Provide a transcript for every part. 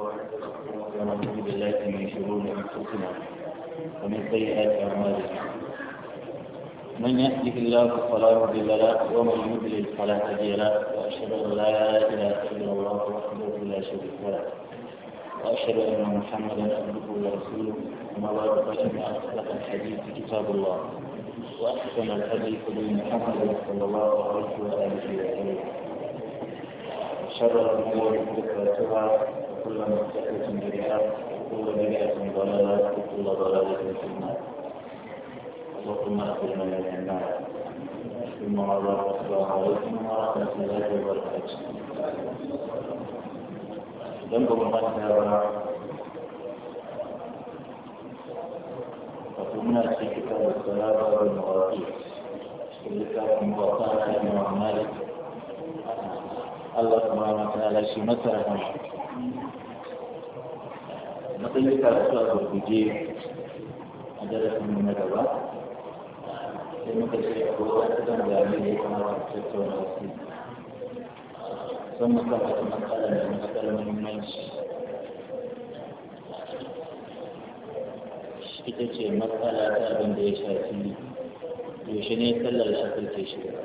ونعوذ بالله من شرور انفسنا ومن سيئات اعمالنا من يهده الله فلا مضل له ومن يضلل فلا هادي له واشهد ان لا اله الا الله وحده لا شريك له واشهد ان محمدا عبده ورسوله وما بعد فان اصدق الحديث كتاب الله واحسن الحديث محمد صلى الله عليه واله وسلم وشر الامور محدثاتها وكل محدثة بدعة وكل بدعة ضلالة وكل ضلالة في النار اللهم اغفر لنا جميعا ثم الله السلام عليكم ورحمة الله وبركاته ذنب المغفرة وكنا في كتاب الصلاة والمواقيت في كتاب المواقيت الإمام مالك Allah subhanahu wa ta'ala shi masa rahama matsayin karatu a gurguje a darasin mu na gaba sai muka ce a gobe ta zan da ne ya kamata a wani wasu sun muka wata matsala da matsalar muhimmanci ita ce matsala ta abin da ya shafi yaushe ne sallar da aka ke shiga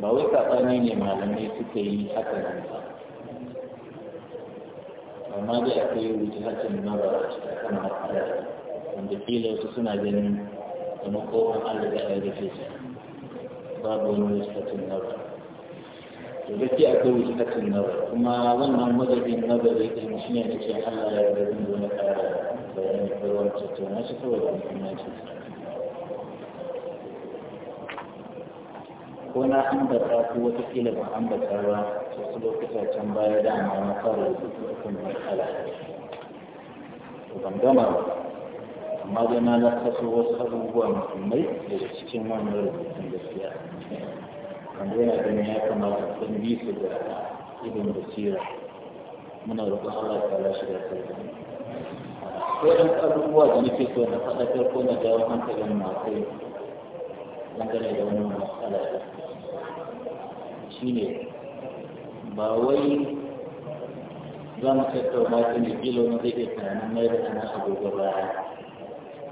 ba wai saɓani ne malamai suka yi haka nan ba amma dai akwai wuce hatin mara a cikin kan matsalar wanda kila wasu suna ganin da makoman allah da ayyar rufe su babu wani wuce hatin mara to gaskiya akwai wuce hatin mara kuma wannan madadin nazari din shi ne da ce allah ya rufe wani ƙara bayani ko wani tattauna shi kawai da muhimmanci ko na ambata ko wata kila ba ambata ba wasu lokuta can baya da amma na fara da a kan matsala to ban gama ba amma dai na lakaso wasu abubuwa muhimmai daga cikin wannan rubutun gaskiya kan yana ganin ya kamata sun bi su da ibn basira muna roƙon Allah ta lashe da kai ko ɗan abubuwa da nake so na faɗakar ko na jawo hankalin masu dangane da wannan matsalar shine ba wai za mu tattauna ta ne kila wani zai iya tunanin mai da ana Ba baya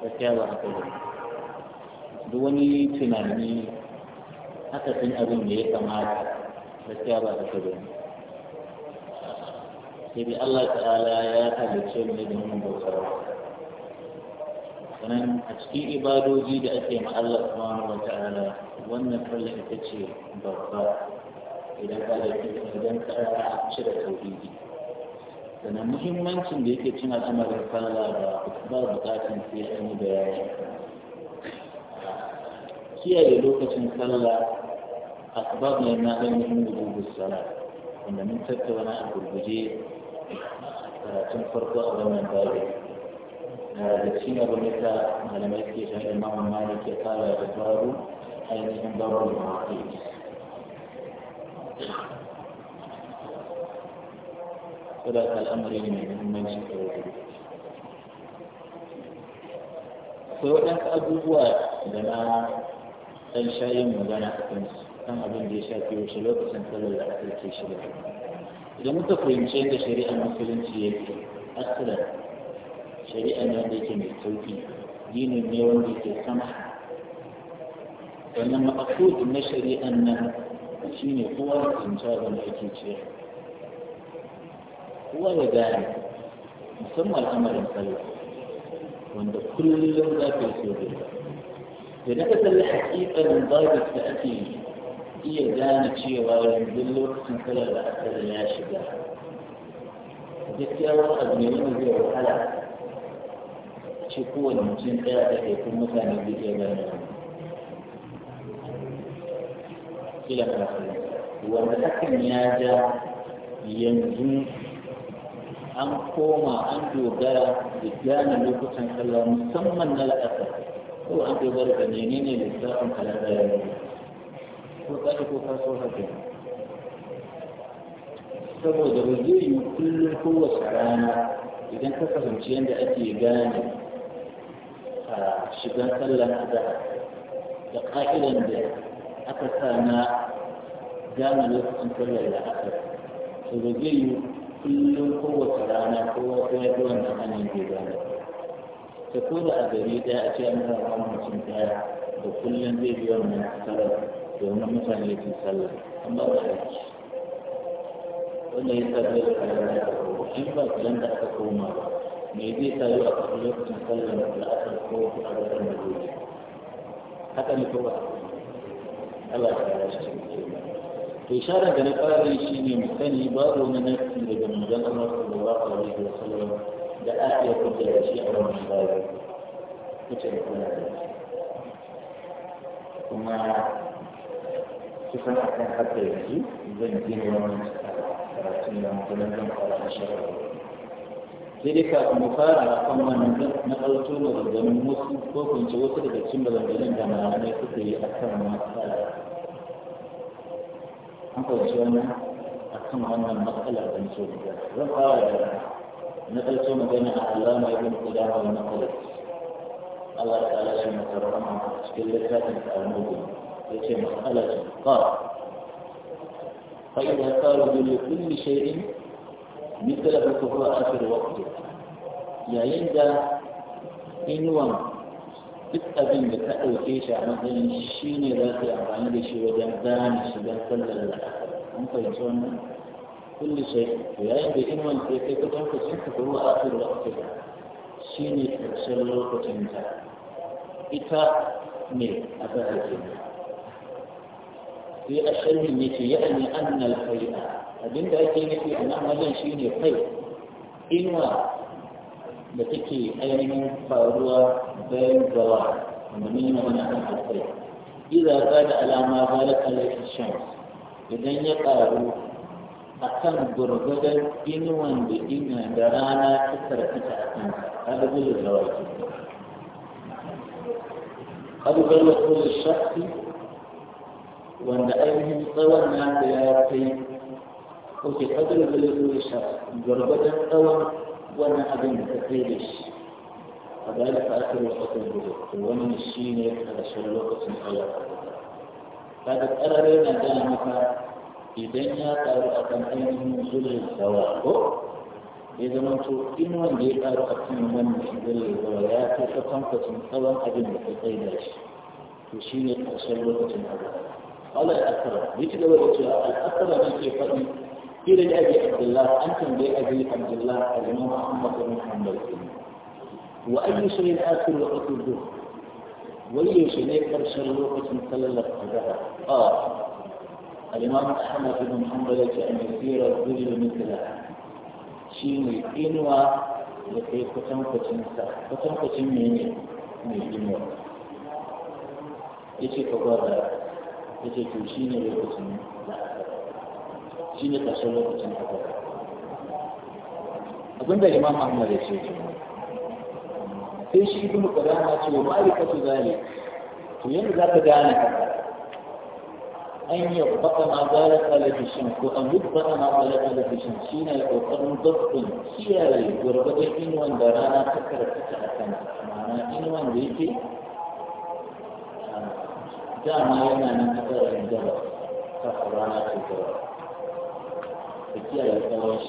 gaskiya ba haka ba duk wani tunani haka sun abin da ya kamata gaskiya ba haka ba sai dai Allah ta'ala ya halicce mu ne da mun bautar a cikin ibadoji da ake ma Allah wa ta'ala wannan sallah ita ce babba idan ka da idan ka cire tauhidi sannan muhimmancin da yake cin al'amarin kalla ba ba bukatun sai an yi bayani kiyaye lokacin sallah asbab ne na ganin gudu sala wanda mun tattauna a gurguje karatun farko a wannan babu da shi ne abin da malamai suke shan imam malik ya kara da babu ainihin babu mawaƙi saboda al'amari ne mai muhimmanci da wuri sai waɗansu abubuwa da na ɗan shayin magana a kan kan abin da ya shafi wasu lokacin sallar da aka ke shirya idan muka fahimci yadda shari'ar musulunci yake asalar shari'a ne wanda yake mai sauki dinin ne wanda yake sama wannan ma'akudu na shari'an nan shi ne kowa da tsinci abin da ake ciyar kowa ya gane musamman al'amarin sallah wanda kullum za ka yi so da da ka kalli hakikalin babu da ake iya gane cewa yanzu lokacin sallar da asali ya shiga gaskiya wani abu ne wanda zai wahala shi kowane mutum ɗaya da ɗaikun mutane zai iya gane kila kafin wanda hakan ya ja yanzu an koma an dogara da gane lokutan sallah musamman na la'asar ko an dogara da menene lissafin kalanda ya yi ko kaɗi ko kaso haka saboda ba zai yi kullum kowace rana idan ka fahimci yadda ake gane shigar sallar azhar da ka'idan da aka sa na gane lokacin sallar da aka to da zai yi kullum kowace rana ko wata yi wannan hanyar zai gane ta ko da a gari ɗaya a ce an wani mutum ɗaya da kullum zai bi wannan sallar domin mutane su sallar an ba da aiki wanda ya sa zai da in ba kullum da aka koma ba ميديتا يوقف يوقف مسلم في الاصل هو في قدر الموجود حتى نتوقع الله تعالى يشتري في شارع انا قال لي شيء من ثاني باب من نفسي لدى مجال عمر صلى الله عليه وسلم ده اخر كنت لا شيء على من قال كنت لا كنا ثم شفنا حتى يجي زين الدين ومن سنة مثلا كما قال الشيخ sai dai kafin mu fara a kan wannan na ɗauko maganganun wasu ko kunce wasu daga cikin maganganun da malamai suka yi a kan matsala an kwanci wannan a kan wannan matsala don so guda zan fara da na ɗauko magana a alama ibn qudama wa maqalat Allah ta'ala shi makarrama cikin littafin al-mubi yace mas'alatu qala fa idza qalu li kulli shay'in مثل بكره آخر وقت يا يندى إن وما تتأذن بتأو كيش عمدين الشين ذاتي أعطاني بشي وجان دان كل الله أنت يسونا كل شيء يا يندى إن وما تتأذن بتأو كيش عمدين بكره آخر وقت الشين يتأذن بكره آخر وقت إتا مي أبا في أشهر يعني أن الخير abinda ake nufi a nan wajen shi ne kai inuwa da take ainihin faruwa bayan gawa wanda mun yi magana kan kai iza ka da alama ba da kalashin shan idan ya karu a kan gurgurdan inuwan da ina da rana ta karkata a kan kada da gawa ke abu gaba ko shafi wanda ainihin tsawon na ya kai وفي الحجر بالذي يشاء ضربة قوى وانا أبن تكريش فذلك أكل وقت البدء ومن الشين هذا شر وقت الحياة هذا الأرى لنا دامك إذن يا قارو أكن من ذل الزواق إذا ما تو إن وندي قارو أكن من ذل الزوايات فكم قسم قوى أبن تكريش وشين هذا شر وقت الحياة قال الأكثر مثل وجه الأكثر من في قيل لأبي عبد الله أنتم بأبي عبد الله آه. الإمام أحمد بن حنبل وأي شيء آخر وقت الظهر وأي شيء آخر وقت مثلل الظهر قال الإمام أحمد بن حنبل أن يسير الرجل مثله شيء إنوى لكي قسم كتنكتن من من إنوى yace فقال gwada yace to shine lokacin shi ne ƙarshen lokacin asar abin da imam ahmad ya ce sai shi ibn qudama ce ya ma'rifatu zalik to yanda za ka gane haka an yi baka ma zara talabishin ko an yi baka ma zara talabishin shi ne kokarin zaɓin kiyaye gwargwadon inuwan da rana ta karfata a kan ma'ana inuwan da yake dama yana nan a tsarin gaba ta rana ta gaba الزيادة الفواش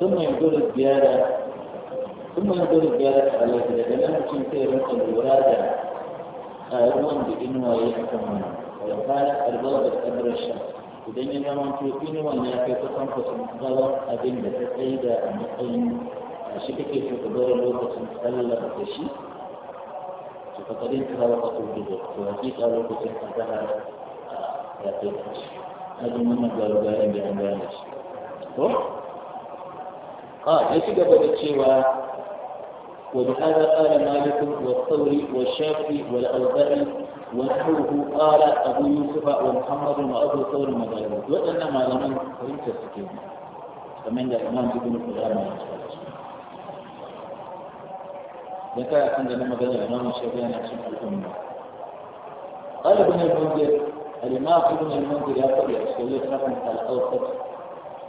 ثم يقول الزيادة ثم يقول الزيادة التي لم تنكر الولادة أرون بإنه ويحكم ولو قال أرضو بالأمر الشخص إذن يرون في إنه ونعك تقوم قسم قضاء أبن بتقيدة المقيم أشكك في قدر الله قسم قلل قدشي فقد انتهى وقت الجزء وفي قلوب قسم قدها لا تنكر hajji wannan gaba bayan bayan bayan shi ko a ya ci gaba da cewa وبهذا قال مالك والثوري والشافعي والأوزاعي ونحوه قال أبو يوسف ومحمد وأبو ثور المدارس وأن ما لم فهمت السكين فمن الإمام ابن قدامة ذكر عندنا مدار الإمام الشافعي عن الأمة قال ابن المنذر الإمام ابن المنذر ya faɗi a cikin littafin al'aukar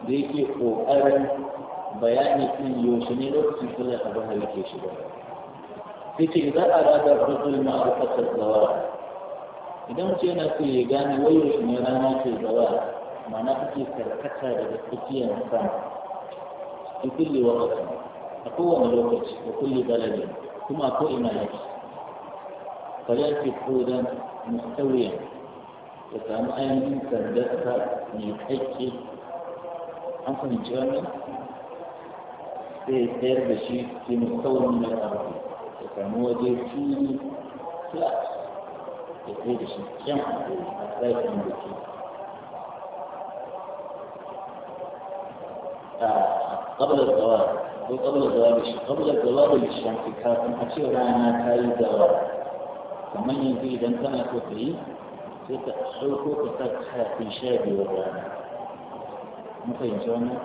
da yake ƙoƙarin bayani kan yaushe ne lokacin sallar abin halitta shiga yake idan a rada rukun ma'aikatar zawa idan mutum yana so ya gane wai yaushe ne rana ke zawa ma'ana ake karkata daga tsakiyar sama a kulle wakati a kowane lokaci da kulle balade kuma a ko'ina yake فلا تكودا مستويا ya samu ainihin sandarsa mai haƙƙi an fahimci wannan sai ya sayar da shi ke musawar mai abu ya samu waje fili flat ya sayar da shi kyan a tsakin da ke قبل الزواج ko قبل الزواج قبل الزواج الشمس kafin a ce rana ta yi zawar kamar yanzu idan kana so ka yi sai ka ɗauko ka sa kafin sha biyar rana mun fahimci wannan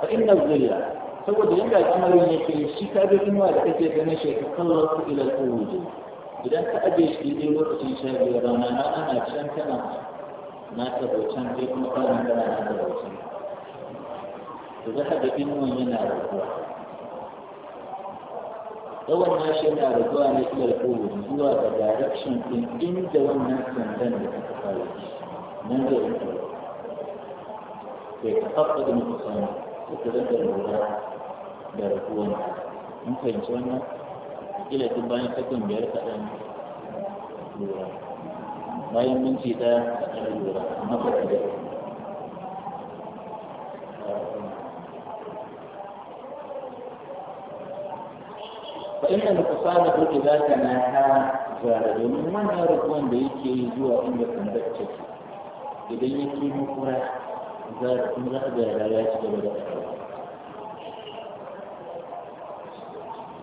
fa inna zulla saboda yadda al'amarin yake shi ka bi inuwa da kake ganin shi ka kallar ku ila al-wujuh idan ka aje shi daidai lokacin sha biyar rana na ana can kana na tabbacan sai kuma kana kana na tabbacan to za ka ga inuwan yana rabuwa yawan nashi yana raguwa ne iya ragowa zuwa ga direction ɗin inda wannan sandan da aka fara shi nan zai yi kawai bai ta faɗa da muka samu suka rage lura da raguwan mun fahimci wannan kila tun bayan sakan biyar kaɗan lura bayan minti ɗaya kaɗan lura amma ba ta فإن الكفار إذا تناها جارد من يرقون بيك يجوا إن يكون بكتك إذا يكي مقرأ زاد من لا يجب أن يكون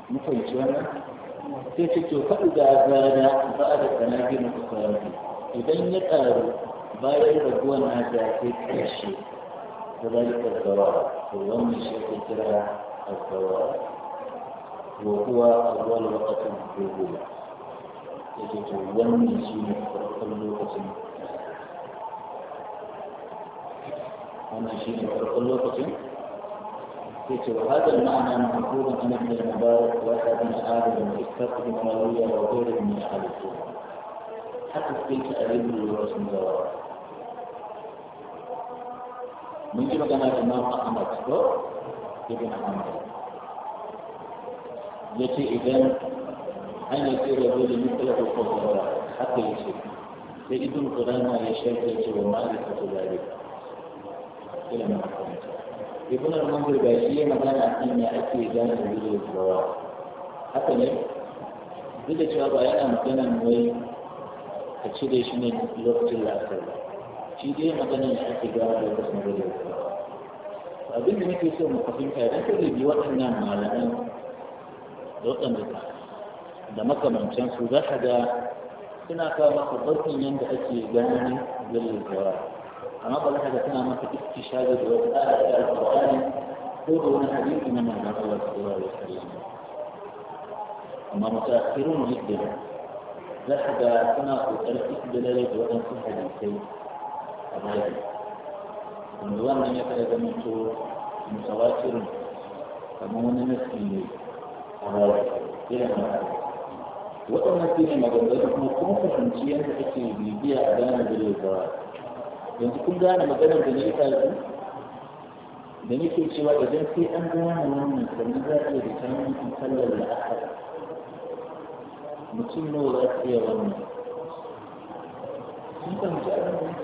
مفيش وانا تيتكو فإذا زاد فأدى تناجي مقرأ إذا يقارو باي رقون هذا في كل شيء كذلك الضرار في يوم الشيخ الضرار وهو أول وقت في الأولى يتتولى سنة فرقم لوقت أنا شيء فرقم لوقت وهذا المعنى محفوظ عن ابن المبارك وابن آدم وإسحاق بن راوية وغير من أهل السنة حتى في تأريب الرسم الزواج من كما كان الإمام أحمد بن أحمد يأتي إذا أن يصير الرجل مثله قدرة حتى يصير فابن قدامى يشتت ومعرفة ذلك إلى ما يكون المنظر باشية مثلا أن يأتي إذا الرجل الزواج حتى ليه؟ duk da cewa ba yana maganan wai a cire shi ne lokacin la'asar ba shi dai maganan da ake gawa lokacin da zai abin da nake so mu fahimta don kada biyu waɗannan malaman da waɗanda da makamancin su za ka ga suna kawo maka barkin yadda ake ganin zalin kawai amma ba za ka ga suna maka istishari da wasu ayar da alƙur'ani ko da wani hadisi na manzon Allah sallallahu alaihi wasallam amma mutaakhirun jiddan za ka ga suna kokarin istidlali da waɗansu hadisai a bayan wanda wannan ya kai zamanto mutawatirun kamar wani nasi ne waɗannan su ne maganganu kuma kun fahimci yadda ake bibiya a gane gure ba yanzu kun gane maganar da ne ita yanzu da nake cewa idan sai an gane wannan sannan za a iya da samun mutum sallar la'akar mutum nawa za su iya wannan sun fahimci a gane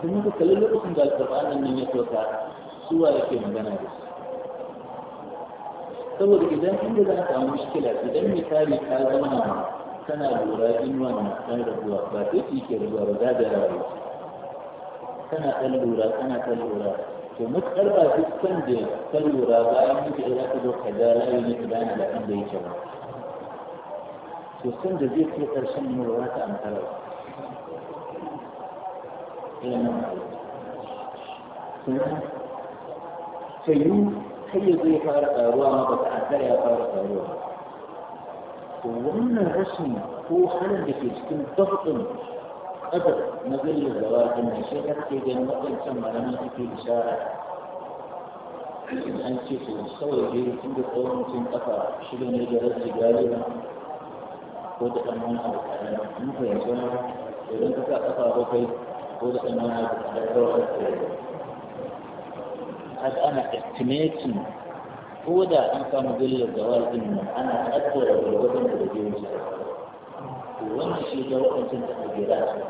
sun yi kuka lokacin da alƙur'anin nan ya soka suwa yake magana da su تصور إذا عند لنا مشكلة إذا مثال مثال سنة الأولى إن وانا سنة الأولى فاتتي كيف الأولى سنة الأولى سنة الأولى ومت أربعة تستند تلورا بعين في علاقة بوحدة لا har yanzu ya fara ƙaruwa ma ba ta'addara ya fara ƙaruwa to wannan rashin ko halin da ke cikin dabtin ƙadar na zai zawa din nan shi ka ke ganin waɗancan malaman suke bishara in an ce to kawai dai tun da tsawon mutum ƙafa shida ne da rashin galiba ko da ɗan wani abu kaɗan in fahimci wani idan ka sa ƙafa bakwai ko da ɗan wani abu kaɗan kawai قد أنا اعتنيت هو ده أنا كان مدير الجوال إنه أنا أقدر بالوزن اللي بيجي وأنا شيء ده انت أنت تقدرات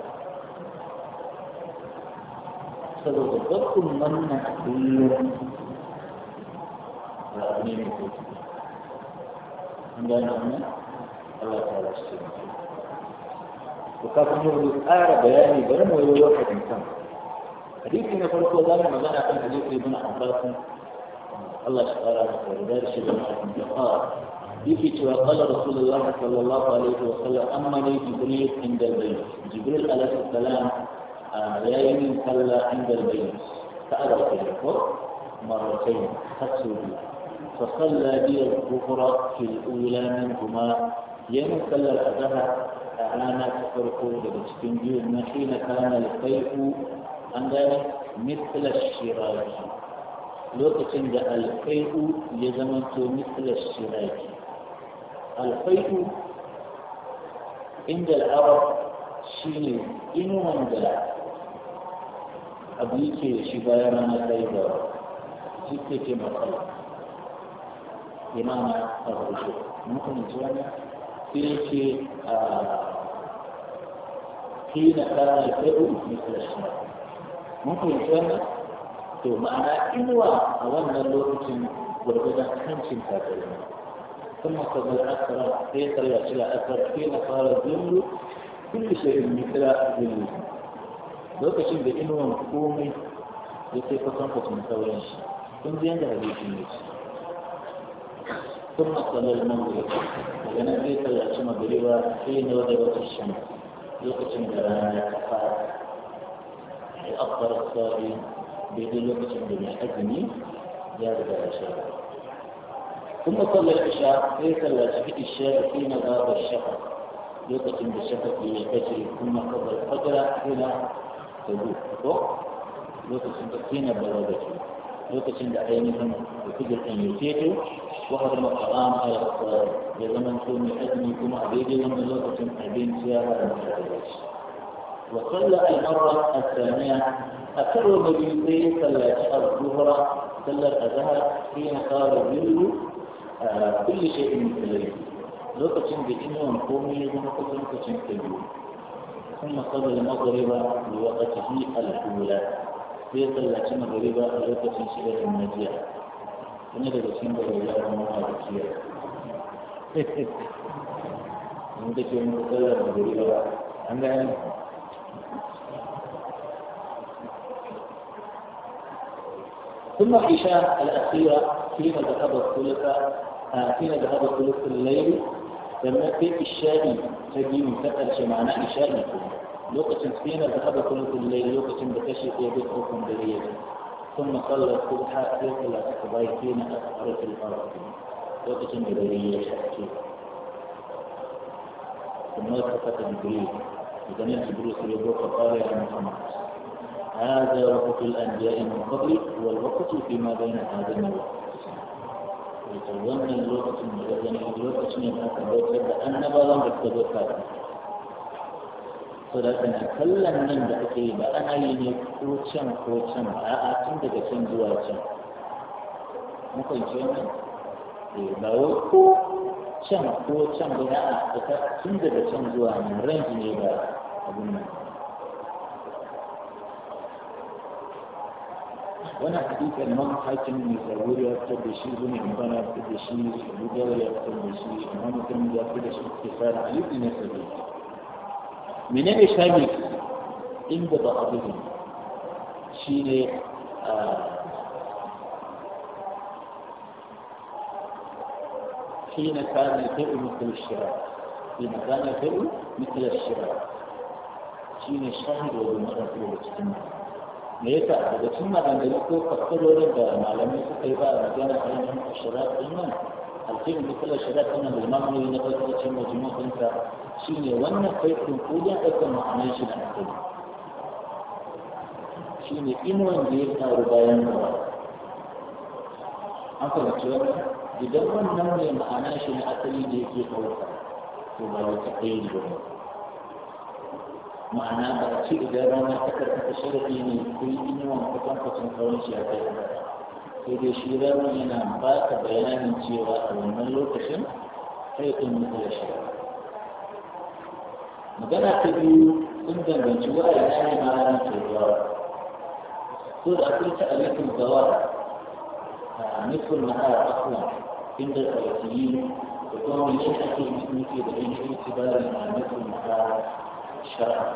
فلو من مسؤول وأمين الكتب عندنا هنا الله تعالى الشيء وكان يقول آرى بياني بيان ويوحد إنسان حديث من يقول كل ذلك ماذا عن حديث ابن عباس الله شكرا لك ولذلك شكرا لك قال حديث قال رسول الله صلى الله عليه وسلم أما لي جبريل عند البيت جبريل عليه السلام لا آه، يمين صلى عند البيت فأرى في الكفر مرتين حسوا فصلى بي الكفر في الأولى منهما يمين صلى الأذهب أعانا آه، تفرقوا لبسكين ما حين كان الطيف an gane mitla shiraki lokacin da alfai'u ya zama zamanto mitla shiraki alfai'u inda al'arab shi ne inuwan da abu yake shi bayan rana ta yi da shi ke ce matsala imama a rushe mutane ji wani sai ce a ah, kila kana alfai'u mitla shiraki mun fahimci to ma'ana inuwa a wannan lokacin gwargwadon hancin sai ثم قد الأثر في sai na fara قال الظل كل شيء مثل الظل lokacin da inuwan komai ya kai kusan kusan sauran shi kun ji yadda hadisin ne shi kuma tsalar mangoro daga nan zai tsaye a cima sai na wadda wata shan lokacin da rana ya kafa في أفضل الصائم بدون وقت من الحزم يا العشاء ثم صلى العشاء ليس العشاء الشاء حين غاب الشفق وقت بالشفق يجري ثم قضى الفجر حين تدور وقت حين بلغته وقت عينهم وفجر أن يتيته وحرم الحرام على الصلاة يا زمن كل حزم كما أبيدي ومن وقت أبين سيارة المحرمات وصلى المرة الثانية أكثر المجلسين صلى الظهر صلى الأزهر حين قال يريد آه، كل شيء مثل الليل لوكاشين بإنه قومي يزن كل لوكاشين كبير ثم صلى المغرب بوقته الأولى في صلى المغرب a lokacin shiga النجية najiya wani daga cikin da ya zama mawa da kiyar in da ke wani ثم العشاء الأخيرة فيما ذهب الثلث فيما آه، ذهب الثلث الليل لما في الشاي تجي من تقل معنى الشاي لوقت حين ذهب ثلث الليل لوقت بكشف يدعوكم بليل ثم صلى الصبح في صلاة الصبايتين في الأرض لوقت بليل شاكي ثم التفت جبريل إذا جبريل سيدوك فقال يا محمد هذا وقت الأنبياء من قبل والوقت فيما بين هذين الوقت يتولى الوقت من الوقت الوقت من الوقت أن بلغ التبقات sadaka kallon nan da ake yi ba ana yi ne ko can ko can ba a tun daga can zuwa can mukan ce nan ba wai ko can ko can ba a tun daga can zuwa nan ranji ne ba abin nan wani hakikar man hakim mai tsaro ya fitar da shi zuwa in bana fitar da shi abu dawar ya fitar da shi amma mutum ya fitar da shi ke fara halittu na tsaro mene ne shami inda ba abu ne shi ne حين كان الفئ مثل الشراء حين shi, الفئ مثل الشراء حين الشهر والمرأة والاجتماع me yasa daga cikin maganganu ko fassarorin da malamai suka yi ba a magana a yankin ashirar ɗin nan alfin misalar shirar ɗin nan da mamuri na fasarcin majmu'insa shi ne wannan faifin kudin ɗaukar ma'anar shi na asali shi ne inuwan da ya faru bayan gaba an fahimci wannan idan wannan ne ma'anar shi na asali da yake ɗauka to ba wata ɗaya ne ba معناه بأتي إدارة ما في تشير ديني كل إني ومفتن فتن قول شيئا كيدي شيرا وينا مقاك بيانا من شيرا ومن كل تشم حيث المثل شيرا مدنا كبير كنت من جواء الآن ما لم تدور قل أقلت أليكم دوار مثل ما هذا أقوى عند الأيتيين وكون من شيئة المثل في بين اعتبار مثل ما هذا شرعا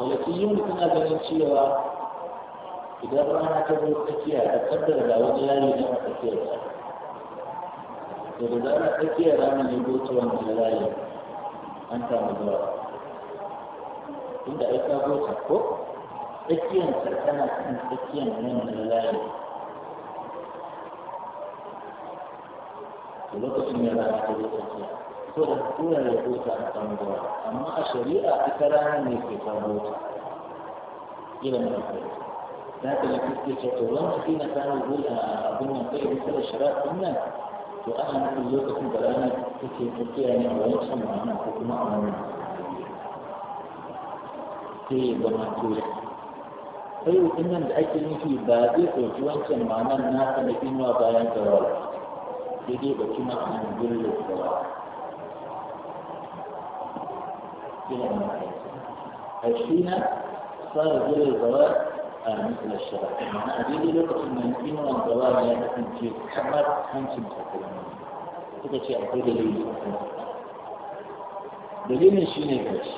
walakiyin mutum na ganin cewa idan rana ta zo tsakiya ta kaddar da wani layi na tsakiyar ta da zara tsakiyar rana ne ko ta wani layi an samu zuwa inda ai ka ta ko tsakiyar ta tana kan tsakiyar nan na layi lokacin ya rana ta lokaci so da tura ya kusa a kan ruwa amma a shari'a ita rana ne ke kawo ta irin da ke ذاك اللي كنت تقولون فينا كانوا يقول أبونا في مثل الشباب كنا وأنا مثل لوكا كنت أنا كنت كنت يعني أولاد سمع أنا كنت ما أنا في زمان كويس sai mutum nan da ake nufi ba zai ɗauki wancan ma'anar nasa da inuwa bayan tsawon sai dai baki mafi gulle da yawa إلى عشرين صار جل الزواج مثل الشباب معنى أبيدي لو كنت نمكن من الزواج لا تكون في حمر خمس مسافرين كده شيء أقول لي دليل شيء نفس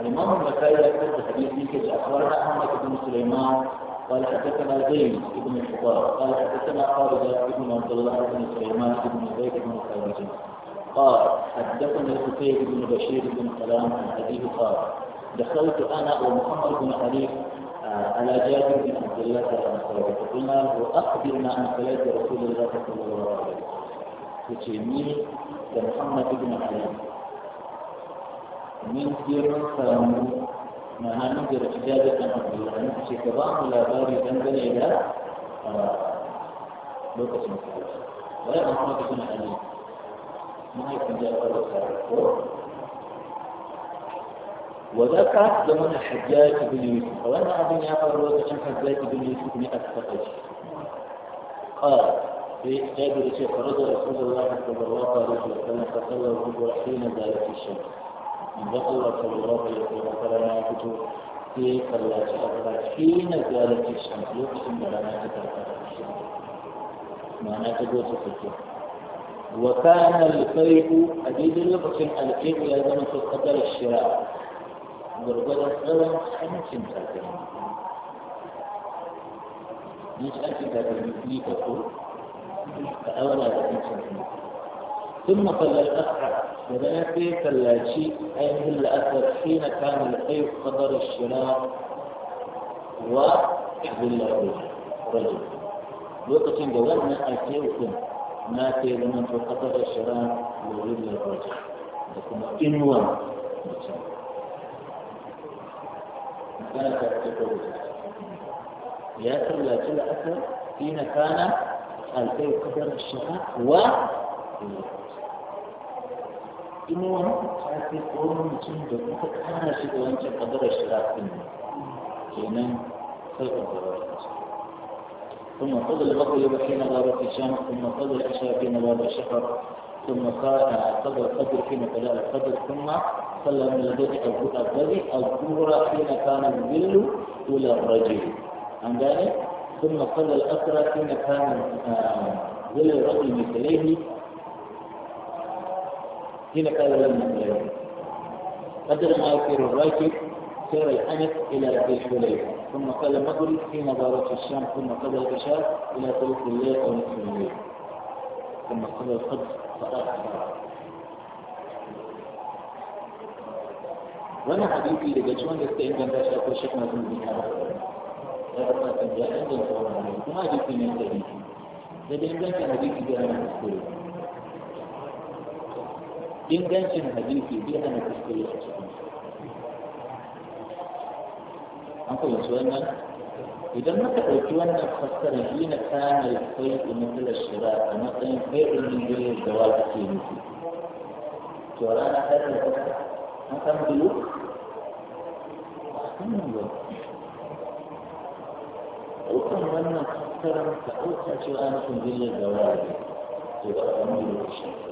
الإمام البخاري ذكر في حديثه كذا أخبرنا أحمد بن سليمان قال حدثنا زيد بن الحضار قال حدثنا خالد بن عبد الله بن سليمان بن زيد بن خالد قال حدثنا الحسين بن بشير بن سلام عن ابيه قال دخلت انا ومحمد بن علي آه، على جابر بن عبد الله خالد فقلنا له اخبرنا عن خلاف رسول الله صلى الله عليه وسلم فجميل محمد بن علي من سير سلام ما ننظر إجازة عن الله نمشي كظام لا باري ذنبا إلى لوكس مكتوب ولا محمد بن علي ما يكون جاء الله وذاك زمن الحجاج بن يوسف وانا ابن يعقوب وذاك الحجاج بن يوسف بن الثقفي قال في جابر الشيخ رضي رسول الله صلى الله عليه وسلم فصلى وهو حين زالت الشمس من الله صلى الله عليه وسلم يا في قلاش أبدا حين زالت الشمس يقسم لنا تتركها معناه تقول تفكر وكان الفيء أديد يقسم الفيء يزن في قدر الشراء بربدا قدر خمس ساكن مش أنت تقول فأولى لكم ساكن ثم صلى الأسعد وذلك ثلاجي أي هل الأسد حين كان الخير قدر الشراء وحذل الرجل لوقتين جوالنا أكيوكم ما في من قدر الشراء وذل الرجل لكم إنوان كان كتبه يا صلى الأسد حين كان الخير قدر الشراء و kuma wani tafi ko wani mutum da kara shi da wancan kadarar kenan sai ثم فضل المغرب حين غابت الشمس ثم فضل العشاء حين غاب الشفر ثم قضى القدر حين طلع القدر ثم صلى من البيت الذي الظهر حين كان الظل الى الرجل عن ذلك ثم صلى الاسرى حين كان آه، ظل الرجل مثليه حين قال لم يكن قدر ما يسير الراكب سير الحنف إلى ذي حليفة ثم قال مغرب حين ظهرت الشام ثم قضى العشاء إلى طريق الليل أو نصف الليل ثم قضى القدس فأخر وانا حديثي لجشوان يستعين بان شاكو شيخنا ما يكون بها كان جاء عندنا وهذه في من حديثي لدي عندنا حديثي بأنا مسؤول ingancin hadisi bai hana kuskure a cikin an kuma su wannan idan muka ɗauki wannan fassara shi na kana kai da matsalar shira a matsayin kai da miliyoyin da wa take nufi to rana ta da an san biyu ɗaukan wannan fassarar ta ɗauka cewa ana kun zillar da wa to ba a samu lokaci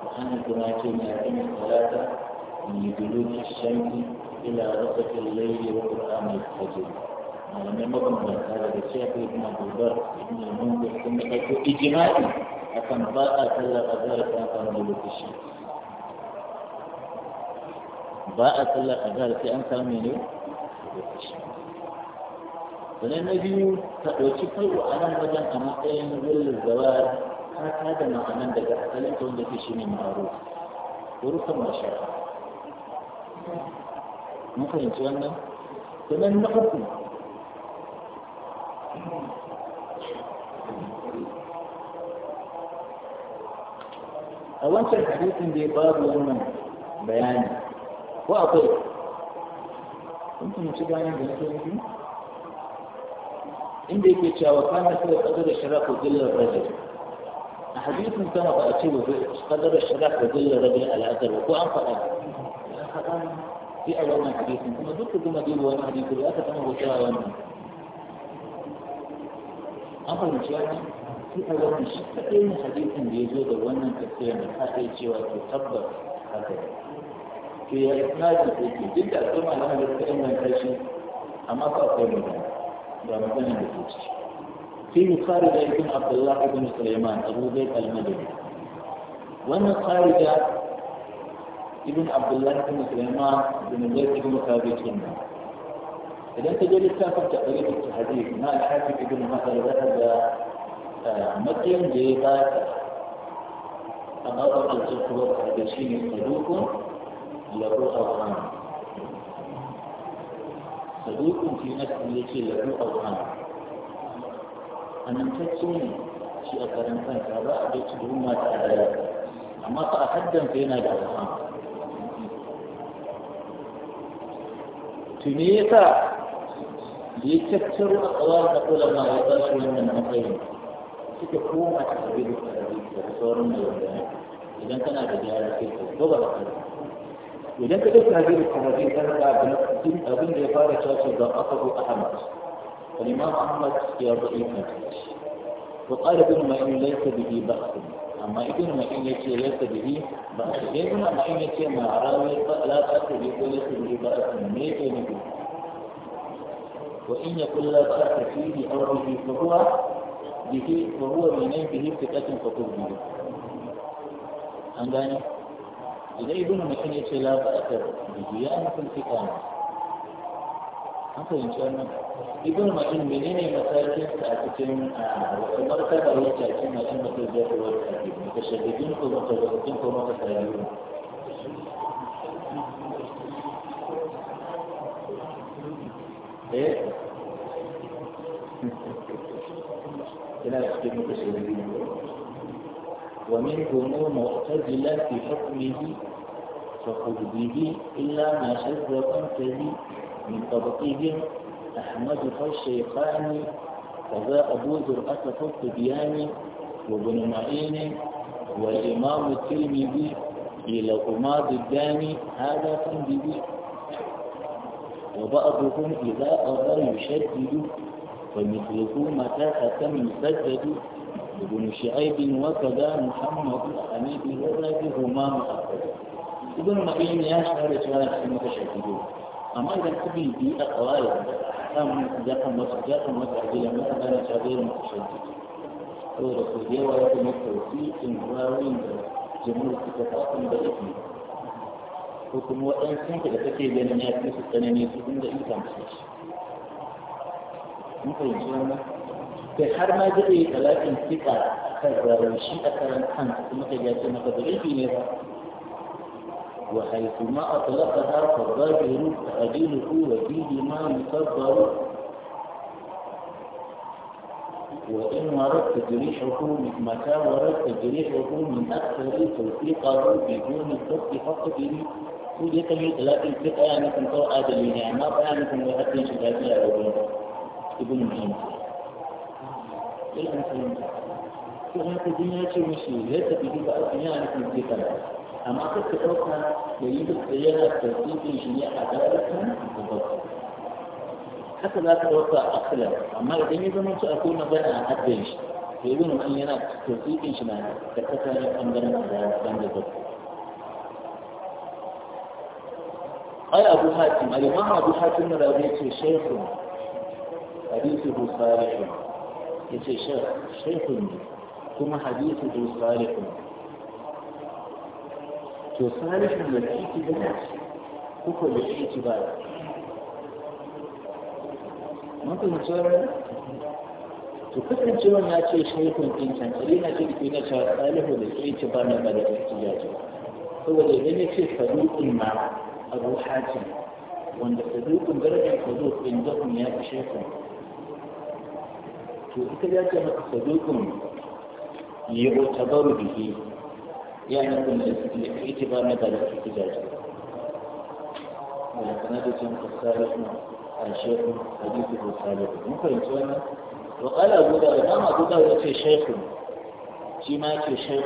sannan kuma ya ce mai aƙin salata mai duluki shanki ila rasakin laili wa ƙur'ani fajr malamai mabambanta daga cewa kai kuma dubar ibn al-munzir sun da akan ba a tallafa zara ta kan duluki ba a tallafa zara sai an samu ne sannan na biyu ka ɗauki kai wa anan wajen a matsayin wurin ta da ma'anan daga asalin ta wanda ke shi ne ma'aruf hurufan mashara mun fahimci wannan sannan na uku a wancan hadisin da ya babu wannan bayani ko akwai kun fahimci bayanin da nake nufi inda yake cewa kana sai kadar sharafu dillar rajul حديث كان فأتيه قدر الشباب وزي ربيع الأثر وكو أن فقال في أول حديث ثم ذكر كما ديل وانا حديث الأثر أنا وشاء وانا أقل من شاء في أول شكتين حديث بيزود وانا كثير من حقيقة وتكبر هذا في إثناء الحديث جدا كما لما ذكرنا الحديث أما فأقول لنا ده الحديث في خارجة بن عبد الله بن سليمان أبو زيد المدني وأن خارجة ابن عبد الله بن سليمان بن زيد بن ثابت إذا أنت جاي لسافر تقريب الحديث ما الحاكم ابن مثلا ذهب آه، مدين جيبات أمر الجسور الدشين صدوق له أوهام صدوكم في نفسه يشيل له أوهام amintacce ne shi a karan kanka ba a dace da umma ta adala amma fa a haddan ka yana da alham tuni ya sa da ya tattaro a tsawon da ulama ya ba shi wannan matsayin suka koma ta tabi da tsarari da sauran malamai idan kana da jihar sai ka gaba da kai idan ka ɗauka hadisi ta hadisi kan abin abin da ya fara cewa da aka zo Ahmad الإمام أحمد يا ضعيف وقال ابن معين ليس به بأس أما ابن معين يتي ليس به بأس ابن معين يتي ما راوي لا بأس به وليس به بأس ليس به وإن يكن لا بأس فيه أو به فهو به وهو من به ثقة فقل به an gane idan ibn mutum ya ce la ba'atar bihi ya nufin fika ne an fahimci wannan ibn majin menene matakin sa a cikin wata martaba wacce a cikin majin mutum zai ko wata ake mutashaddidin ko mutazawatin ko mutasarrifin eh ina cikin mutashaddidin ومنهم معتزلا في حكمه فخذ به إلا ما شذ وانتهي من طبقهم أحمد الشيخان وذا أبو ذر أتفق الطبياني وابن معين والإمام الترمذي إلى أماد الداني هذا تنبذي وبعضهم إذا أرى يشدد فمثله متى ختم يسدد ابن شعيب وكذا محمد الحميد وذاك هما مؤكد ابن معين يشهر شهر المتشددون أما إذا كبي بي أقوال أحكام يقم يقم مسعد إلى مسعد أنا شغير متشدد أول رسولية ويقم التوفيق إن هو وين جمهور التفاق من بلدنا حكم وإنسان كده تكي بين نيات نفس التنانية تكون ده إيه كان مسلش نقول إن شاء الله في حرمة دقيقة لكن ثقة فالرشيئة كانت حمد ثم تجاتي مقدرين في نيرا وحيثما أطلق حرف الظاهر فأدينه ما مصدر وإن وردت جريحه متى وردت جريحه من أكثر توثيقا بدون الضبط فقده كل كلمة ثلاث الفقه يعني كنت آدمين يعني ما كان كنت أدين شبابي أو ابن مهم إلا أن تكون في هذه الدنيا تمشي ليس بجبعة يعني كنت ثلاث amma kar ka ɗauka da yi duka yana tartibin shi ne a dalilan da ba haka za ka ɗauka a kalar amma idan ya zama su akwai magana a haddin shi to yi wani kan yana tartibin shi na karkata ne ɓangaren a dalilan da ba قال أبو حاتم الإمام أبو حاتم رضي شيخ حديثه صالح يقول شيخ شيخ ثم حديثه صالح to salishin da ciki da nashi kuka da ciki ba ya mafi wani to kasancewa ce shaikun na jirgi na cewa salihu da ciki ba na da ciki ya ce saboda idan ya ce saduƙin ma abu hajji wanda saduƙin darajar saduƙin zafin ya fi shaikun to ita ya ce maka saduƙin bihi يعني كل الاعتبار مدى الاحتجاج ولكن الثالث الشيخ حديثه الثالث ممكن تقول وقال أبو داود إمام أبو داود في شيخ فيما في شيخ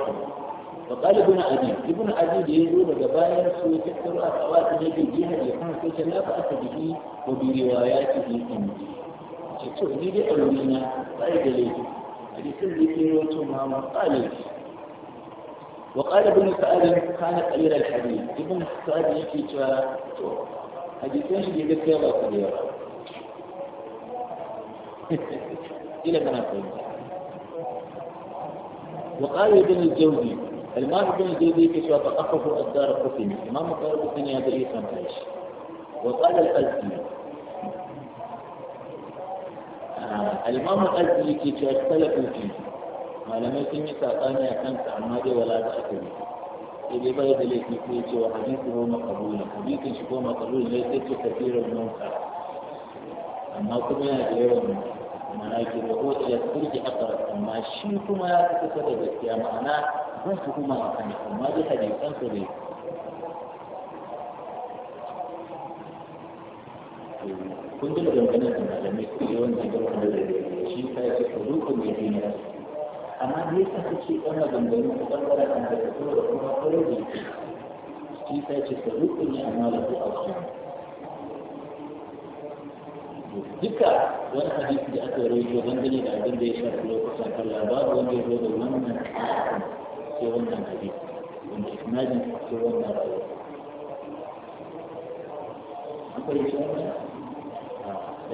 وقال ابن أبي ابن أبي يقول جبايا في كثر أخوات الذي بها يكون في لا بأس به وبرواياته عندي شفتوا لي أولينا فأيد لي حديث اللي في يوتو ما مقالي وقال ابن سعد كان قليل الحديث ابن سعد يكي حديثين حديثين في الكيبة قليلة إلى ما نقول وقال ابن الجوزي المال ابن الجوزي كشف فقفه الدار قسم إمام قال قسم هذا إيه خمسة وقال الأزدي آه. الإمام الأزدي كشوى اختلفوا فيه malamai sun yi saɓani a kansa amma dai wala da aka yi sai dai bai da laifi sai cewa hadisi ko makabula hadisin shi ko makabula ne sai ce kafirar nunka amma kuma yana da yawan manaki da ko ya turki aka amma shi kuma ya fi kusa da gaskiya ma'ana zan fi kuma a kan amma dai hadisan su ne kun ji da dangane da malamai sai wanda ya ga wanda da shi ta yi kudu kuma ya fi amma da yasa ta ce ɗan maganganu ko ɓangaren dangantattu da kuma kwarar da ke shi ta ce ta rukun ya amma da ku auki duka wani hadisi da aka rawaito dangane da abin da ya shafi lokutan Allah babu wanda ya zo da wannan sai wannan hadisi wanda isnadin sai wannan rawaito akwai shi wannan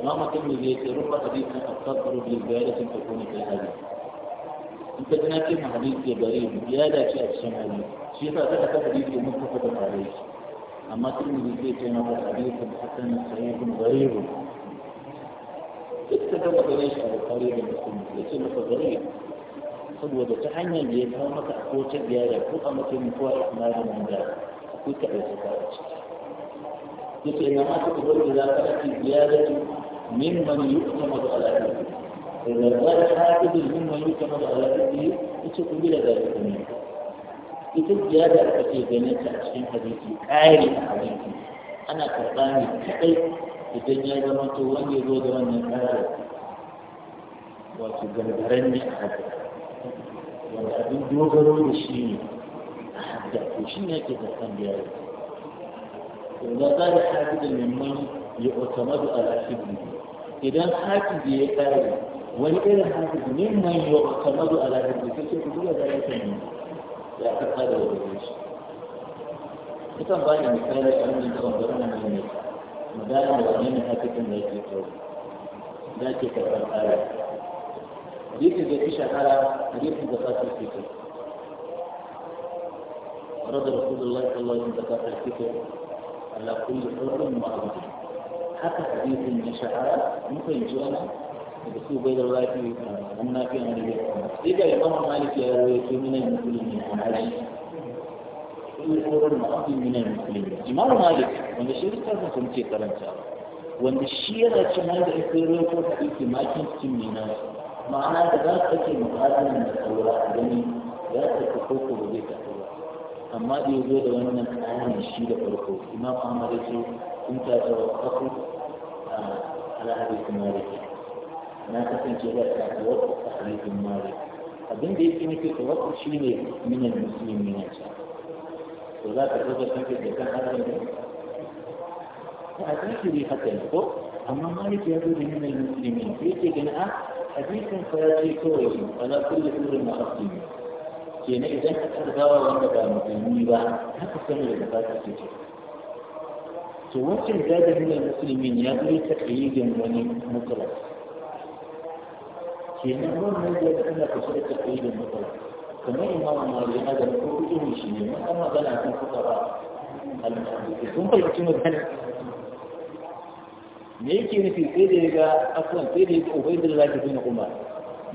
إمام الترمذي يقول رب حديث الصبر بالبارة تكون كالحديث ita ina ce ma hadisi ya gare mu ya dace a cikin hadisi shi yasa ta aka hadisi mun kafa da tare shi amma turmi zai ce na wata hadisi hasan sahihun gare mu duk ta gaba shi a bukari da musulmi ya ce maka gare saboda ta hanyar da ya kawo maka a kowace biyayya ko a matsayin ko a isnadin wanda akwai ka ɗauki ka a ciki yake na ma ta kubar da za ka ake biyayya min man yi kuma da al'adar إذا قال حافظ المهم يكمل على ذكره لتقبل ذلك منه ita ziyada da kake ganin ta a cikin hadisi ƙari a hadisi ana karɓa ne kaɗai idan ya zama to wanda ya zo da wannan ƙarar wato gargaran ne a hadda wanda abin dogaro da shi ne a hadda to shi ne ke karɓan da yaro yanzu ta da hadisi da neman ya otamadu a lafiya idan hadisi ya ƙare والإله هذا ممن يعتمد على هذه الكتب ذلك منه اعتقاد وبديش كتاب باقي مثال أن تنظرون من الناس مدار وأمين هاتف الناس يقول ذاك كتاب آية حديث الذي شهر حديث زكاة الفكر رد رسول الله صلى الله عليه وسلم زكاة الفكر على كل حر معروف حتى حديث من شهر ممكن يجوانا daga su bai da rafi a nafi a da sai ga imam malik ya rawaito minan musulmi a hali sun horar na abin minan musulmi imam malik wanda shi littafin sun ce karanta wanda shi yana cin har da ita rawaito da ake makin cikin mina ma'ana da za ka ake mu'adalan da saura a gani za ka ka koko ba zai tafi ba amma da ya zo da wannan tsarin shi da farko imam ahmad ya ce sun ta tsawo kafu a al'adar kuma da ke. na kasance ba ta tawakku a halittin mali abin da yake nake tawakku shi ne minan musulmi na ce to za ka zo ka kake da kan harin da ta a zahiri haka ne ko amma maliki ya zo da minan musulmi sai ke gani a ah, hadisin fa kawai ce kawai ala kulli surin ma'asimi kenan idan ka karbawa wanda ba musulmi ba haka sani da ba ta ce to wancan gadar minan musulmin ya zo ta kayyadin wani mutulas kenan wannan da ya tsalla ka shirka kaidin mutum kamar imam mali adam ko kudin shi ne an magana kan kuka ba sun fahimci magana me yake nufi sai da ya ga aslan sai da ya ga ubaidul zaki bin umar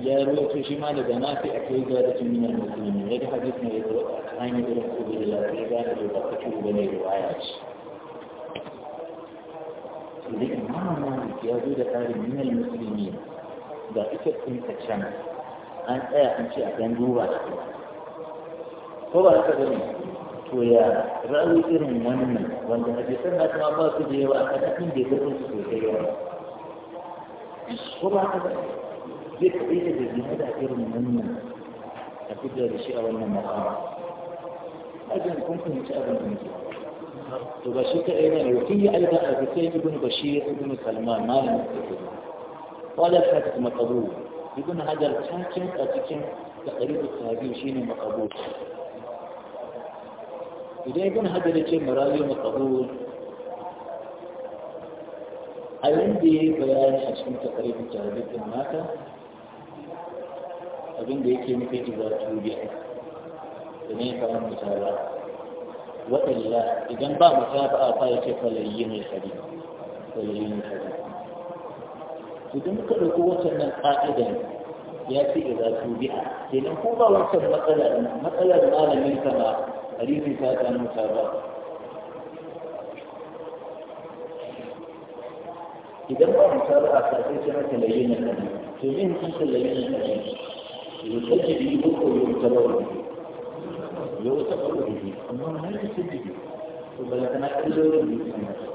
ya rawaito shi ma daga nafi a kai ga datun minar musulmi ya ga hadis ne ya zo a hanyar irin ubaidul zaki ya gane da ba kake ba ne riwaya ce idan imam malik ya zo da tsarin minar musulmi da ita kun ta cana an tsaya an ce a kan duba shi ko ba haka gani to ya ra'ayi irin wannan wanda a jikin na kuma ba su da yawa a kadakin da ya fito su sosai yawa ko ba haka ba zai kaɗai da bai gina da irin wannan a fitar da shi a wannan makama ajin kun kun ci abin da muke to ba shi ka ba ne wakili alba a zikai ibn bashir ibn salman malamin da ke ولا الحاجة مقبول يقولنا هذا الحاجة أتكن تقريب التهابين شيني مقبول إذا يقولنا هذا الحاجة مرالي مقبول هل عندي بيان حجم تقريب التهابين كما ماتا هل عندي كي نفيد ذاته بيان فنين فهم مثالا وإلا إذا نبع مثالا فأعطايا كيف لليين الحديث لليين الحديث idan muka ɗauki watannan ƙa'idan ya ce idza tubi'a kenan ko ba wancan matsalar matsalar malamin ka ba hadisin ta ta mutu ba idan ba mu ta ba ta ce na talayin nan to min kun talayin nan ne yutajibi ko yutabawu yutabawu amma mai yutajibi to bala kana kallon ne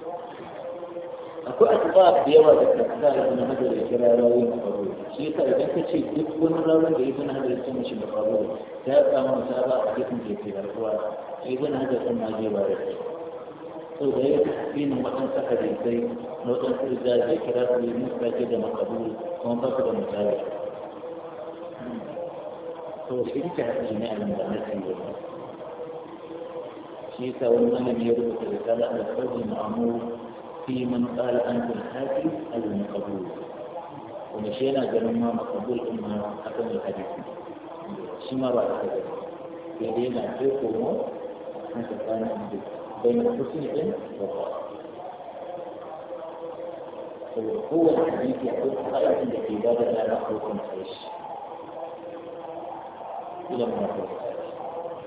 akwai asbab da yawa da kasa ibn hajar ya kira rawi mafaruri shi yasa idan ka ce duk wani rawin da ibn hajar ya ce mishi mafaruri ta ya samu musaba a cikin da ke garkuwa ibn hajar sun ma je ba da shi sau da ya fi yin waɗansu hadisai na waɗansu riga da ya kira su yi musta ce da mafaruri kuma ba su da musaba to shi ta hadisi ne a nan da na kan shi yasa wani malami ya rubuta risala da sauƙin ma'amuru في من قال أنت الحاكم المقبول ومشينا جنون ما مقبول إما أكم الحديث شما بعد لدينا في قومه أنت الآن بين الحسن والضعف هو الحديث يقول حقائق التي باب لا مخلوق عيش إلى ما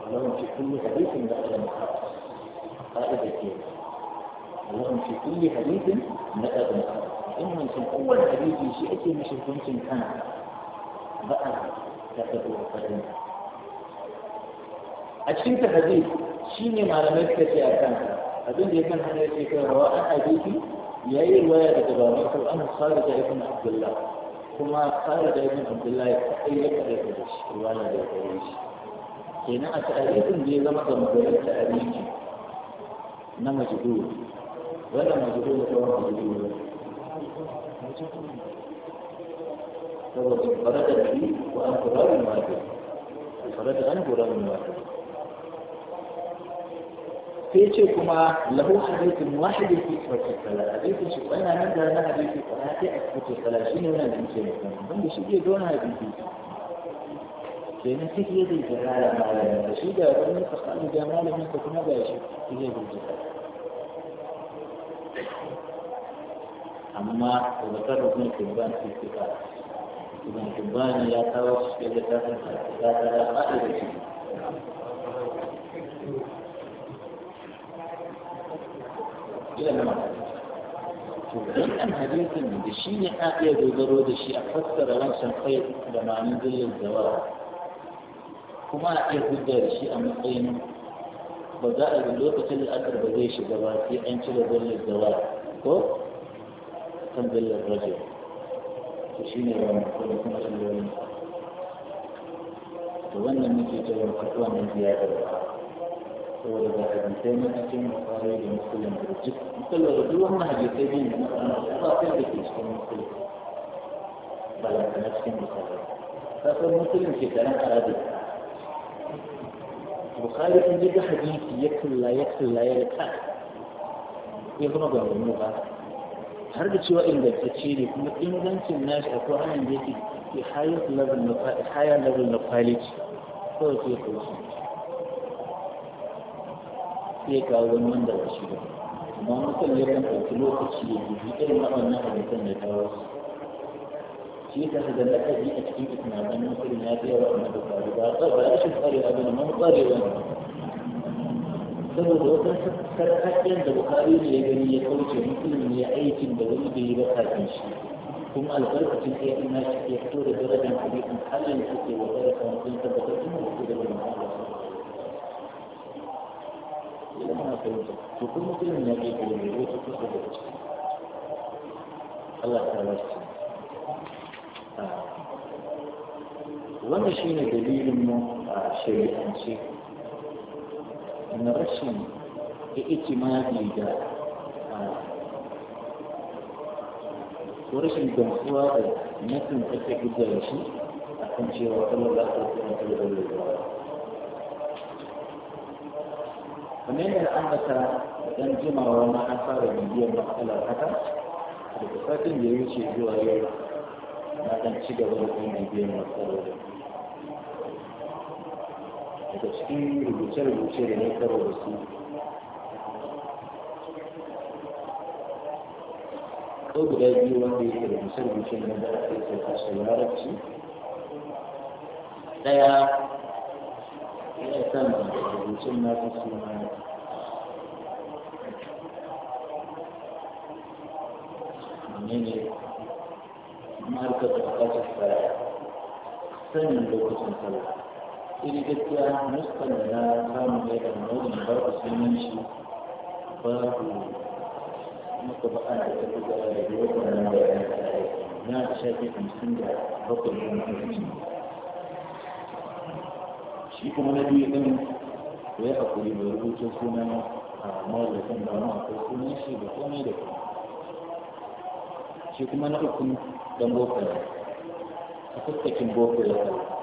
اللهم في كل حديث دخل مخاطر قائد الدين وهم في كل حديث نتابع إنهم في أول حديث شئتي مش كنتم أنا بقى كتبوا قدم أشين حديث شيني معلومات كتي أكان أبين دي كان هنا يشيك رواء حديثي يأي رواية تبارك وأنا خالد ابن عبد الله ثم خالد ابن عبد الله يتحقي يتحيي يتحيي الوالد يتحيي هنا أتأريكم دي زمن مدرسة تأريكي نمجدود ولا موجودون في ورقة الدين فهو انفرد به وأنت غير مواجه انفرد أنه غير مواجه فيتشي كما له حديث واحد في كفر الصلاة حديث شو أنا نقدر أنا حديث هاتي أكفر الصلاة شنو أنا بنشي من بشي جي دون هاي بنشي لأن في يدي الجهالة معلمة بشي جاء أقول لك أخذ الجمال منك كما بيشي في يدي الجهالة أما وذكر ابن حبان في الكتاب ابن حبان لا توش في الكتاب لا قائد إلى ما إن حديث الشيء حاجة يدور هذا الشيء أفسر لنشا خير لما ننزل الزواج kuma a iya hujja da shi a matsayin ba za a lokacin da aka ba zai shiga ba الحمد لله تنزل للرجل تشين الرمال كما تنزل تظن منك تجعل قطوة من زيادة هو لذا حد مثال مكتين وقاري لمثل مرجك مثل الرجل وهم هجي تجين أنا أطاقل بكيش كم مثل بل أنت نفسك مثل فأقول مثل مكتين كلام عادي بخاري كان جدا حديث يكتل لا يكتل لا يكتل يغنق من المغاق har da cewa ingantacce ne kuma ingancin nashi a kuwa hannun da yake ke higher level na kawai quality ko ke ko shi sai ka wani wanda ba shi ba amma mutum ya ran ɗauki lokaci ya yi irin waɗannan da kawo su shi ka su da ɗaɗi a cikin ikina ganin irin ya fi yawa a ba ba ba shi tsarewa ba ne mahu tsarewa ne saboda wata sarƙaƙƙen da bukari ne ya gani ya kauce mutumin ya aikin da wani da yi ba kafin shi kuma albarkacin ya ina shi ya fito da darajar hadisin halin da suke wa ɗaya kan sun tabbatar da su da wani Allah to kuma mutumin ya ke kuma mai wata kusa da ciki Allah ta lashe wannan shine dalilin mu a shari'ance na rashin ikimadi da ko rashin gamsuwa da nasin take gudda da shi a kan cewa kallon za ta kuma kallon da zuwa kamar yadda ambata dan jimawa na an fara bibiyar matsalar haka daga satin da ya wuce zuwa yau na dan ci gaba da kuma bibiyar matsalar daga cikin rubuce-rubuce da na karo da su ko guda biyu wanda yake rubuce-rubuce na da ake sauka su larabci ɗaya ya san da rubucin na ta suna menene markar da aka sanin lokacin sallah iri gaskiya nuskan da na samu ne da nau'in ba sunanci babu shi ba ku yi ta buga da yawon nan da ya na da shafi hamsin da bakwai da mutum shi kuma na biyu ɗin da ya haƙuri bai rubuta sunan a mawallafin da ma akwai sunan shi da komai da kuma shi kuma na uku dan boko ne a fuskakin boko ya kawo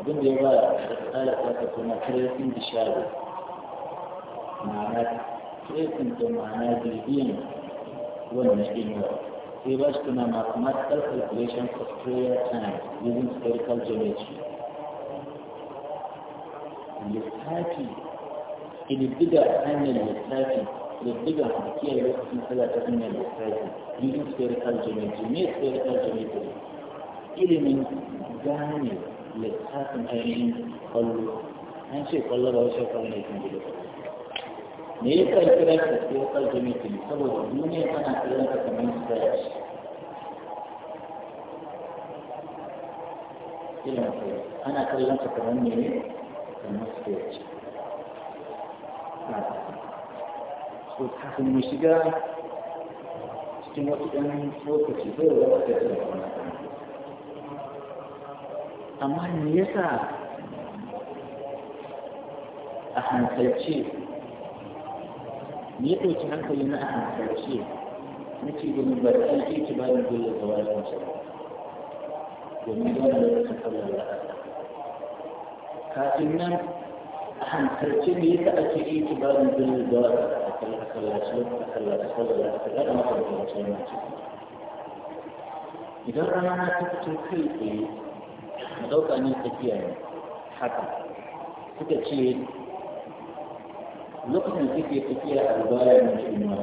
abin da ya ba da tsara ta kuma tracing da shadow ma'ana tracing da ma'ana jirgin wannan ilmi sai ba shi kuma mathematical calculation of prayer time using spherical geometry lissafi ƙididdiga hanyar lissafi ƙididdiga da kiyaye lokacin sallah ta hanyar lissafi using spherical geometry ne spherical geometry ilimin gane littafin ainihin kwallo an ce kwallo ba wasu kwallo ne kan gida me ya karfi kira ka ce kwallo ne kan saboda duniya tana kiran ka kamar scratch irin ko ana kallon ka kamar ne kamar scratch so kafin mu shiga cikin wasu ɗan lokaci zai wata da wani أما النيسة أحنا خلقشي نيتي تحنك لنا أحنا خلقشي نتي دون البرسان في كبار نقول للزوال المسلم ومن دون البرسان قبل الله كاتبنا أحنا خلقشي نيتي أتي في كبار نقول للزوال أكل أكل أسلم أكل أسلم أكل mu ɗauka nan tafiya ne haka suka ce lokacin suke tafiya a rubaya na inuwa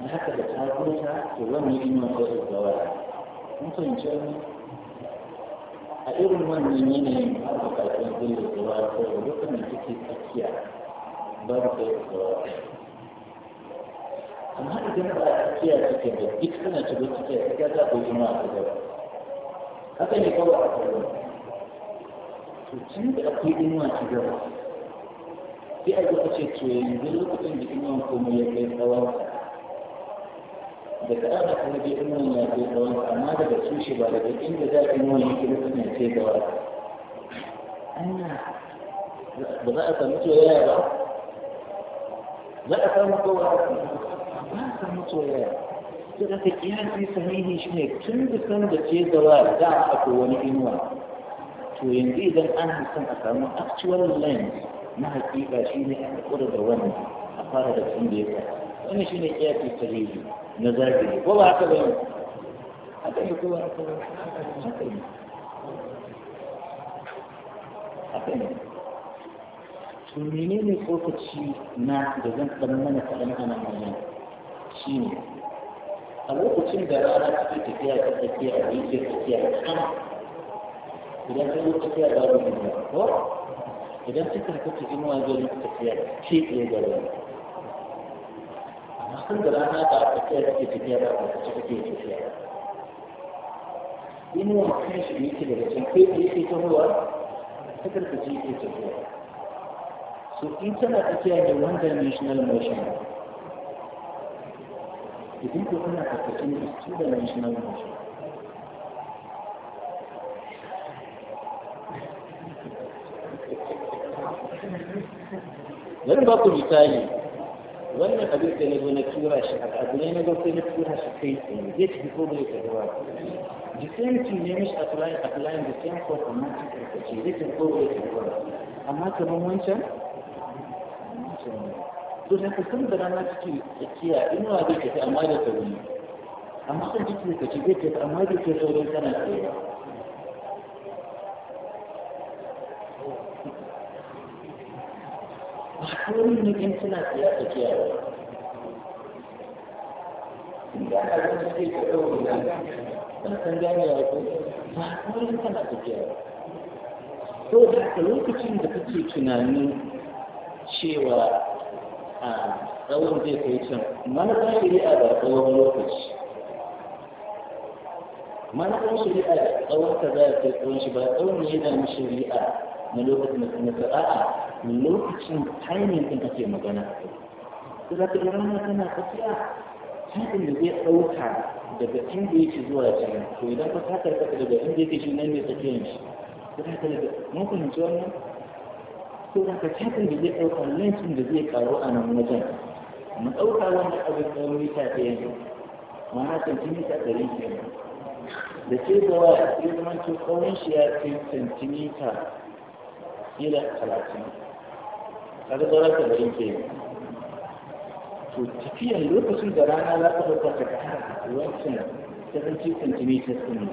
na haka da ta ta, to wannan inuwa ta rubaya mun fahimci a irin wannan yanayin a bukatun zai rubaya ko da lokacin suke tafiya babu ta rubaya amma idan ba a tafiya suke da duk suna shiga tafiya suka za a yi inuwa ta gaba haka ne kawai a kawai to tun da akwai inuwa ki gaba sai a zo a ce to yanzu lokacin da inuwan komai ya kai tsawon da ka ana kuma da inuwan ya kai tsawon amma daga tushe ba daga inda za a inuwan ya kai lokacin ya kai gaba ba za a samu soyayya ba za a samu kawai ba a samu soyayya sai aka kiyasi sahihi shi ne tun da san da ce gaba da aka wani inuwa to yanzu idan an san a samu actual lens na hakika shi ne aka kura da wani a fara da tun da ya fara wannan shi ne kiyasi sahihi na zagiri ko ba haka ba ne haka ne ko ba haka ba haka yi haka ne to menene tsokaci na da zan ɗan mana kaɗan ana mana shi ne a lokacin da rana take tafiya ta tafiya da yake tafiya a sama idan ta zo tafiya da wani ko idan ta karka ta inuwa zai yi tafiya ce ɗaya da wani amma kan da rana da tafiya take tafiya da ta take tafiya inuwa kan shi yake daga can kai da yake tahowa ta karka yake tafiya so in tana tafiya da wanda national motion idan ko ana tabbacin da su da national ba ku misali wannan abin da na tura shi a abu ne tura shi kai ci ko bai the same thing ne the same ci ko bai amma kamar wancan to sai kusan da rana take tsakiya inuwa zai tafi amma da sauri amma kan jiki ka ci zai tafi amma da ke saurin kana tsaye ba kawai ne in suna tsaye tsakiya ba ba a zama sai ka ɗau da ba san gane ya ko ba kawai kana tafiya ba to da lokacin da kake tunanin cewa a tsawon zai kai can manufar shari'a da tsawon lokaci manufar shari'a da tsawon ka za a kai tsawon shi ba tsawon ne yana na shari'a na lokacin da kuma sara'a lokacin timing din kake magana ko za ka rana tana tafiya timin da zai ɗauka daga inda yake zuwa can to idan ka ka daga inda yake shi nan ne tafiyan shi ko za ka daga mun fahimci wannan so da ka cikin da zai ɗauka laifin da zai karu a nan wajen mu ɗauka wanda abin ɗan mita ta ne ma'ana santimita ɗari kenan da ke gawa a cikin zaman to shi ya kai santimita ila talatin a ta ɗari ke kenan to tafiyan lokacin da rana za ta ɗauka ta kara wancan 70 cm ɗin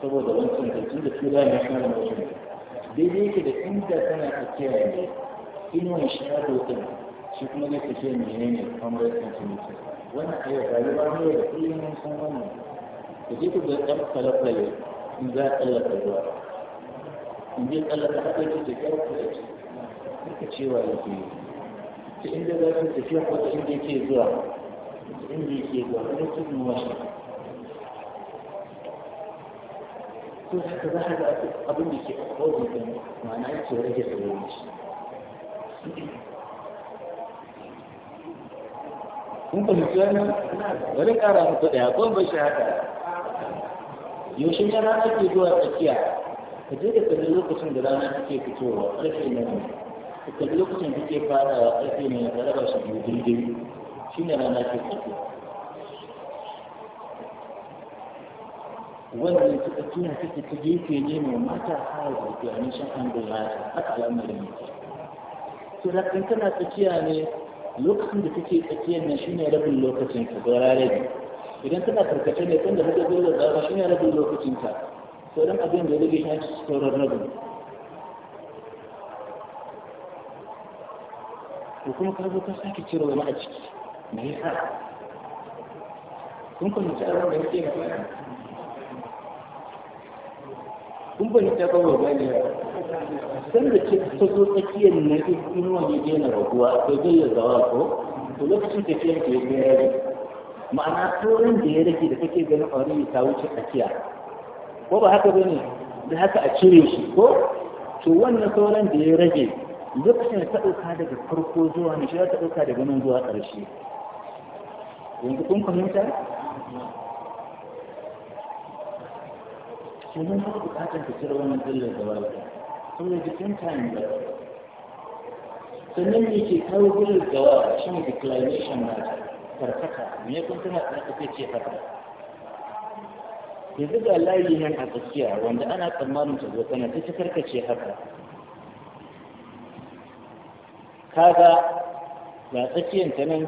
saboda wancan da tun da tura ya kara wancan daidai yake da inda tana kiyaye ne inuwan shadow din shi kuma zai tafiya menene Wani cm wannan ayyar rayuwa ne da kullum mun san wannan da ke ku da ɗan falafale in za a tsallaka zuwa. in zai tsallaka haka ce da kyau ku da ke duka cewa ya ke ta inda za ku tafiya ko ta inda ke zuwa ta inda ke zuwa wani tudun mashi to haka za ka ga abin da ke kawai da ma'ana yake rage tsoron shi kun fahimci wannan Wani ƙara muku ɗaya ko ba shi haka yaushe ne rana ke zuwa tsakiya ka je da kalli lokacin da rana take fitowa ƙarfe na ne ka kalli lokacin da take farawa ƙarfe ne na ƙarfa shi biyu daidai shi ne rana ke fitowa wannan suka tuna take ta gefe ne mai mata da zafi a nishan an gulata haka al'amarin ne to da kan tana tsakiya ne lokacin da take tsakiyar shi shine rabin lokacin ka gora rabi idan tana karkace ne kan da kake gora shi shine rabin lokacin ka dan abin da yake rage shi sauran rabin ko kuma ka zo ka sake cire wani a ciki me yasa kun kuma tsara da yake magana kun ta ba ba gani san da ce ta zo tsakiyar na inuwa wani gina raguwa akwai gillar zawa ko to lokacin da ke ke gari ma'ana sauran da ya rage da kake ganin ƙwari ta wuce a kiya ko ba haka ba ne da haka a cire shi ko to wannan sauran da ya rage lokacin da ta ɗauka daga farko zuwa ne shi ta ɗauka daga nan zuwa ƙarshe yanzu kun fahimta kenan ba bukatar ka cire wannan tsallar da wani da, jikin time da sannan ne ke kawo gudun gawa shi ne declaration na farfaka me ya tana na kafin ce haka ke zuga layi nan a tsakiya wanda ana tsammanin ta zo kana ta ce haka kaga ga tsakiyar ta nan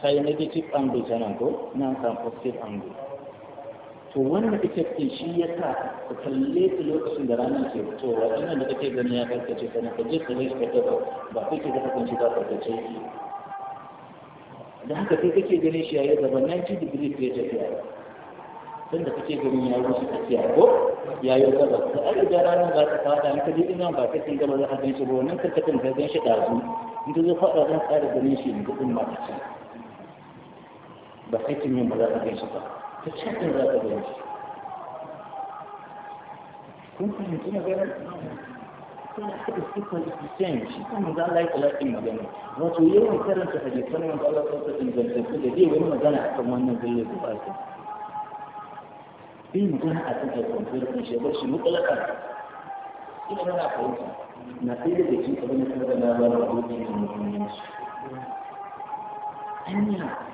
ta yi negative angle ta nan ko nan kan positive angle to wannan effect cikin shi ya sa ka kalle ta lokacin da ranar ke fitowa ina da kake gani ya karkace kana ka je kalle shi ka ba kake ga hakan shi ba karkace da haka kai kake ganin shi yayi gaba 90 degree ke tafiya tunda kake ganin ya wuce tafiya ko ya yi gaba to ai idan ranar za ta fada in ka je ina ba kake gaba za ka gan shi ba wannan karkacin ka gan shi dazu in ka zo fada zan fara ganin shi in gudun ma ba sai kin yin ba za ka gan shi ba ta cikin za ta gani kun fahimci magana kuma kada sifar ikisayin shi kan maza Allah ya talaƙin magana wato yawan karanta hadisan maza Allah ta ingantattu da zai wani magana a kan wannan zai yi zuwa ta yin magana a kan aikwamfiyar kan shi bar shi ina mana fahimta na sai da jikin abin da kuma da na ba da abokin muhimmanci hanya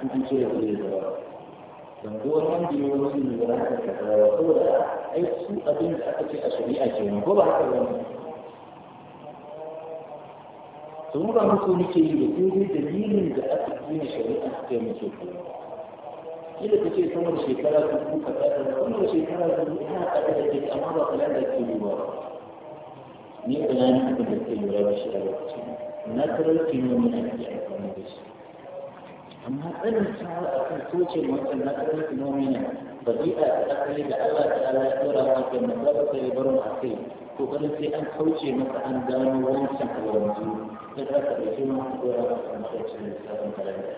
sun ce da zai zama don ko wani da wasu ne da haka ka zama saboda ai su abin da aka ce a shari'a ke ko ba haka wani to mu ba muku muke yi da daidai dalilin da aka gina shari'a ta muke kuma kila ta ce sama da shekara dubu ka tsada sama da shekara dubu ina tsada da ke amma ba kula da ke yiwa ni kula ne da ke lura da shi a lokacin na tarar kimanin ake amfani da shi amma irin sawa a kan tocin wancan na ƙarfi tunomi ne ba zai a tsakani da Allah ta ala ya tsora wa da na ba ta yi barin a kai to ƙarin sai an kauce masa an gano wancan kalanzu ta za ka ɗauki ma ta tsora wa a matacin da sabon kalanda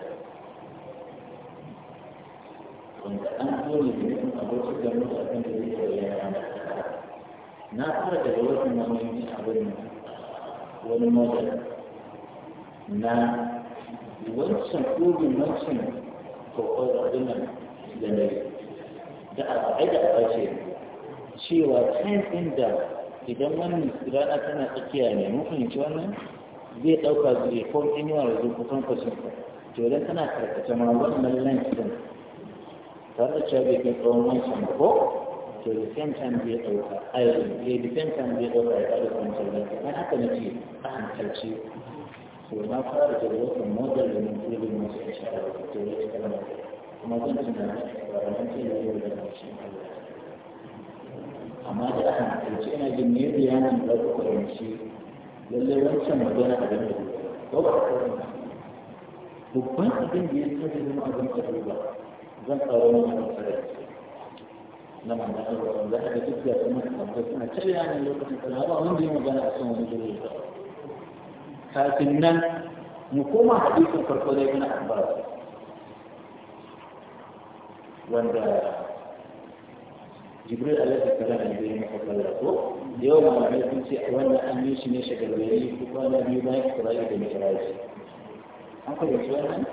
wanda an zo ne da nufin abokin da mutu a kan da zai da yaya na na fara daga wasu mamanci abin wani model na wancan ɗorin wancan kwakwar wadannan da na yi da a aida a ce. cewa kan inda idan wannan rana tana tsakiya ne mun ci wannan zai ɗauka zai ko in yawa da zuwa kusan ka to idan tana karkace ma wannan lantin ta da cewa bai kai tsawon wancan ko to da same time zai ɗauka a da same time zai ɗauka ya ɗauka wancan lantin an haka na ce a hankalci وما خارج الوقت الموديل للمفروض المصري ان شاء الله في التوجيه كمان ما كنت ممكن يقول amma da aka makarci ina jin ne da yana da ku karanci lallai wancan magana a gani ko ba babban abin da ya tsaye zama abin tsaro ba zan tsaro ne a tsare na ma na tsaro za a ga duk da kuma tsaro suna cire yanin lokacin tsaro ba wanda ya magana a kan wani gudu kafin nan mu koma hadisin farko dai na abbas wanda jibril alaihi salam ne bai maka kallon ko da yawa malamai sun ce wannan an yi shi ne shagargari ko kwana biyu bayan isra'ila da mi'raji an fahimci wannan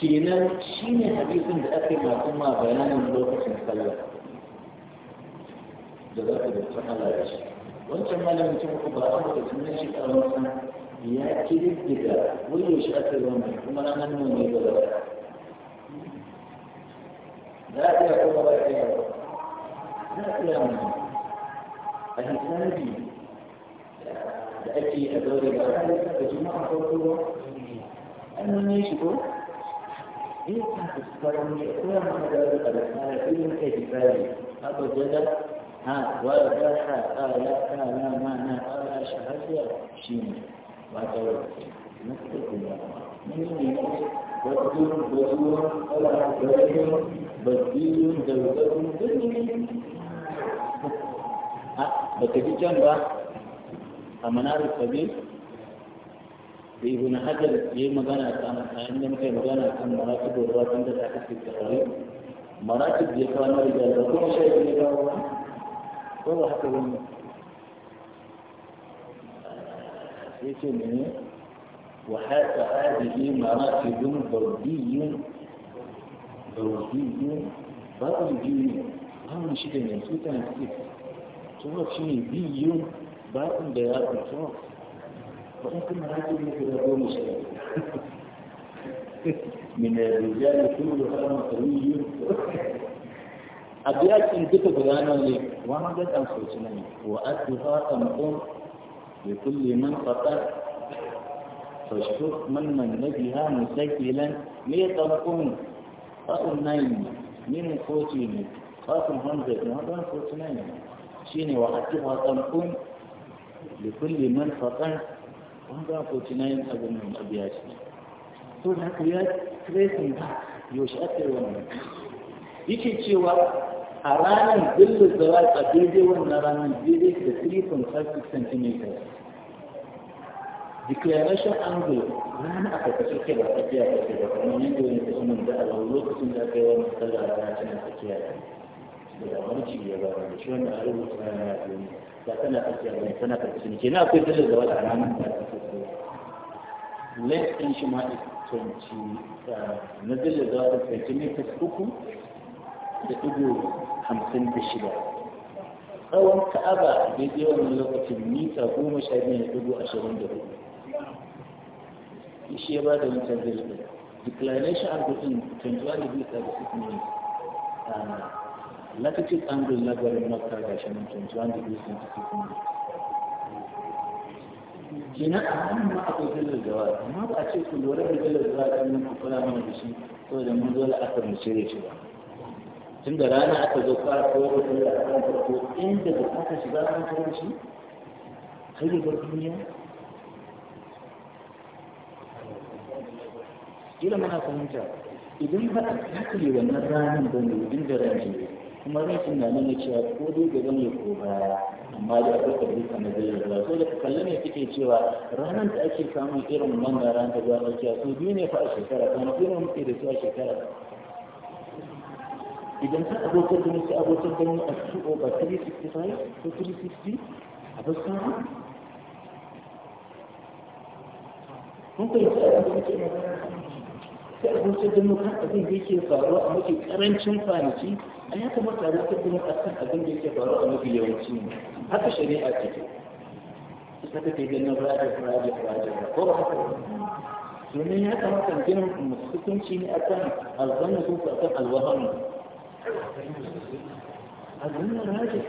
kenan shi ne hadisin da aka yi masu ma bayanin lokacin sallah da za ka da Allah da shi wancan malamin cin uku ba a da sunan shi a wancan ya kididdiga wani shi aka yi wannan kuma na nan ne ga ba za a iya kuma ba iya ba za a iya wannan a hisabi da ake a daure ba a yi da juma'a farko ba an nune shi ko إيه كانت تذكرني أقول أنا هذا الأدب أنا في من كيف بالي أبو جدل ها وذاك آيات لا معنى آية شهادة شين وذاك نكتب من بدون بدون ولا بدون بدون بدون بدون بتجيشان با أمنار السبيل في ابن حجر يي مغانا كان عندما كان مغانا كان مراتب الراتب ده تحت في التقارير مراتب دي كانوا رجال وكل شيء اللي وهو هكذا الناس يتمنى وحتى هذه مراتب ضربي ضربي ضربي هم شيء من سوء تنسيق سوى شيء بي باطن بياض الصوت وممكن مراتب مثل هذول الشيء من الرجال كل هذا قوي abiyakin duka guda nawa ne wa 149 wa atuha tamqum li kulli man qata fashkur man man nabiha musakilan me tamqum fa nayn min ne fa fotin fa'un hundred na dan fotin shine wa atuha tamqum li kulli man qata wa wanda ne abin nan abiyaki to na ku ya tracing yo shi aka yi wannan yake cewa a ranar da zawar a daidai wannan ranar daidai da 3.5 cm declaration angle rana a kakashe ke ba a ta ce ba kuma yadda wani ta umar da alau lokacin da aka yi wani tsada a rana tana tafiya da damar ci ba da shi wannan a rubuta rana ya ne ba tana tafiya ba tana karkashin ke na akwai billin zawar a ranar da aka tafiya length ɗin shi ma 20 uh, na billin zawar 20 meters uku da ɗigo hamsin da shida tsawon ka'aba daidai wannan lokacin mita goma sha biyu da dubu ashirin da hudu ishe ba da wancan zirgin declination angle din 21 degrees 36 minutes ah, latitude angle na garin makka ga shi nan 21 degrees 36 minutes kenan a hannun ma akwai zillar da amma ba a ce ku lura da zillar da a ɗan nan ku mana da shi saboda mun zo la'akar mu cire shi ba Tunda rana aka zo fara koyar da Allah a kan farko inda da aka shiga an kawo shi kai da duniya kila mana fahimta idan ba a kakale wannan ranar ba ne idan da rana ne kuma rai na gane na cewa ko dai zan yi ko baya amma da akwai kabila na zai da so da kalle ne suke cewa ranar da ake samun irin wannan ranar da za a ɗauki a su biyu ne fa a shekara kuma biyu ne muke da su a shekara idan ta abokan gani sai abokan a 2 365 ko 360 a abin da muke magana sai kan abin da yake faruwa a mafi karancin kwanaki a ya a kan abin da yake faruwa a mafi yawanci ne haka shari'a ganin ko ba haka domin ya gina musulunci ne alwahamu أظن راجع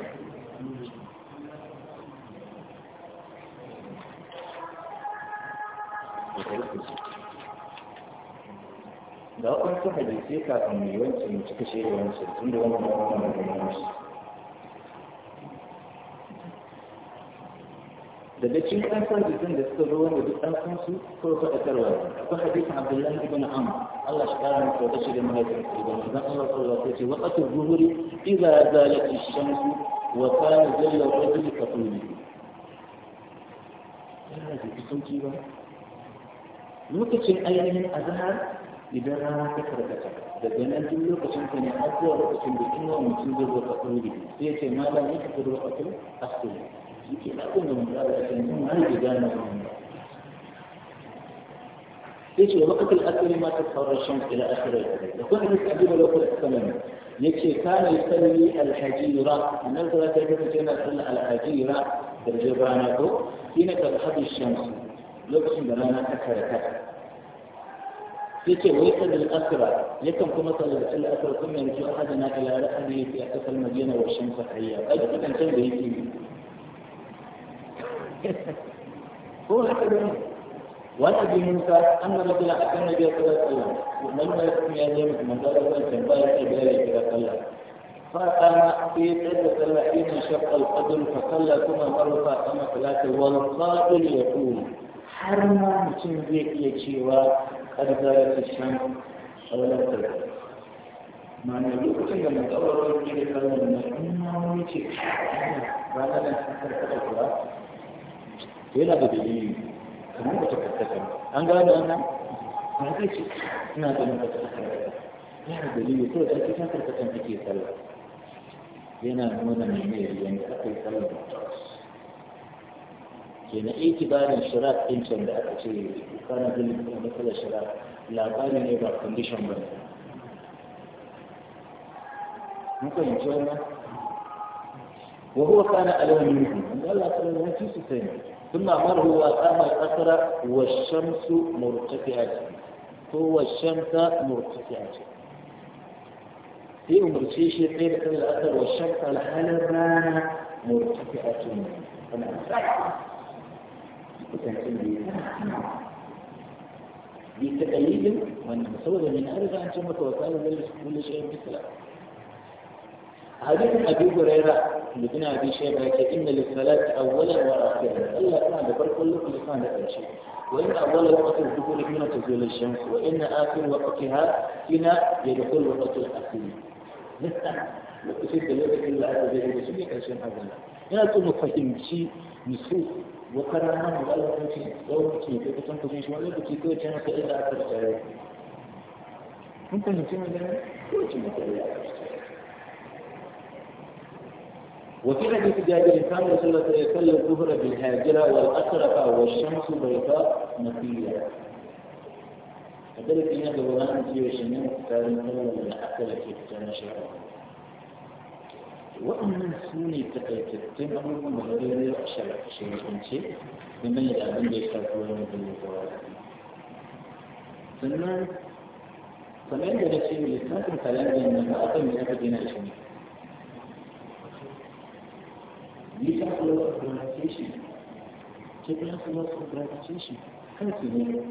da waɗansu hadisai kafin mai wancan da wancan tun da wani mawa na da wancan daga cikin ɗan sanjikin da suka zo wanda duk ɗan san su ko faɗakarwa akwai hadisin abdullahi ibn amr Allah shi kara masa wata shi da mahaifin su da manzon Allah sallallahu alaihi wasallam ya ce zuhuri idza zalat ash-shamsu wa kana jalla rajul kafuli yana da kusanci ba lokacin ainihin azhar idan rana ta karkata daga nan duk lokacin ka ne har lokacin da inuwa mutum zai zo kafuli sai ya ce malam ya ka zo kafuli asali shi ke na kun da mun tsara da kan mun hali gane wannan yace waqt al-asr ma tasawwara shams ila akhirih da kuma hadisi abu da kuma kaman yace kana yusalli al-hajira annan da ta kace yana sallar al-hajira da jibana ko ina ka hadu shams lokacin da rana ta karata yace wai kan al-asr yakan kuma sallar al-asr kuma yace ahadana ila ra'ayi fi asfal madina wa shams hayya ai kan can da yake هو حتى وعن ابي موسى ان رجلا اتى النبي صلى الله عليه وسلم ولما يسمع يده من ذلك الانسان فلا يدري إلى صلى فقام في قد صلى شق انشق القدر فصلى ثم مر فاقام صلاته والقائل يقول har ma mutum zai iya cewa kar zara ta shan sauran sarki ma'ana lokacin da matsawar wani da kallon na in ma wani yana da dalili kamar ba ta kaskata an gane wannan ba zai ce ina ganin ba ta kaskata yana da dalili ko da ita karkatan take sallah yana nuna mai mai yanzu aka yi sallah da ke na ikibarin shirat ɗin can da aka ce kana zulun da matsalar shirat labari ne ba condition ba mun fahimci wannan wa huwa kana alamun yuhu wanda Allah sallallahu alaihi wasallam ya ci su sai ne ثم أمره وأتاها الأثر والشمس مرتفعة هو الشمس مرتفعة في أمر شيء قيل كان الأثر والشمس الحلبة مرتفعة بتقليد وأن مصور من أرجع أن تمت وقال كل شيء بسلام حديث أبي هريرة لابن أبي شيبة إن للصلاة أولا وآخرا إلا كان دبر كل لسان الشيء وإن أول وقت الدخول حين تزول الشمس وإن آخر وقتها حين يدخل وقت الأخير lokacin da lokacin da aka zai da shi ne karshen azumi yana so mu fahimci nisu wakarar nan da Allah ya ce yau ce da kusan kusan shi wani lokaci kawai can ka inda aka tsaya kun fahimci mun ne ko ce mu tsaya وفي حديث جابر كان رسول الله صلى الله عليه وسلم الظهر بالهاجرة والأشرف والشمس بيضاء مثيلة فذلك هنا دوران في وشنين كان هو الأكل في التنشر وأن سوني تقيتتم أمر مهدين الأشرف شيء شيء بمن يلعبون بيشتاكون بالمطورات ثم فمن درسي لسنة الكلام أن ما أقل من أبدنا الشمس legal of organization, technical of organization,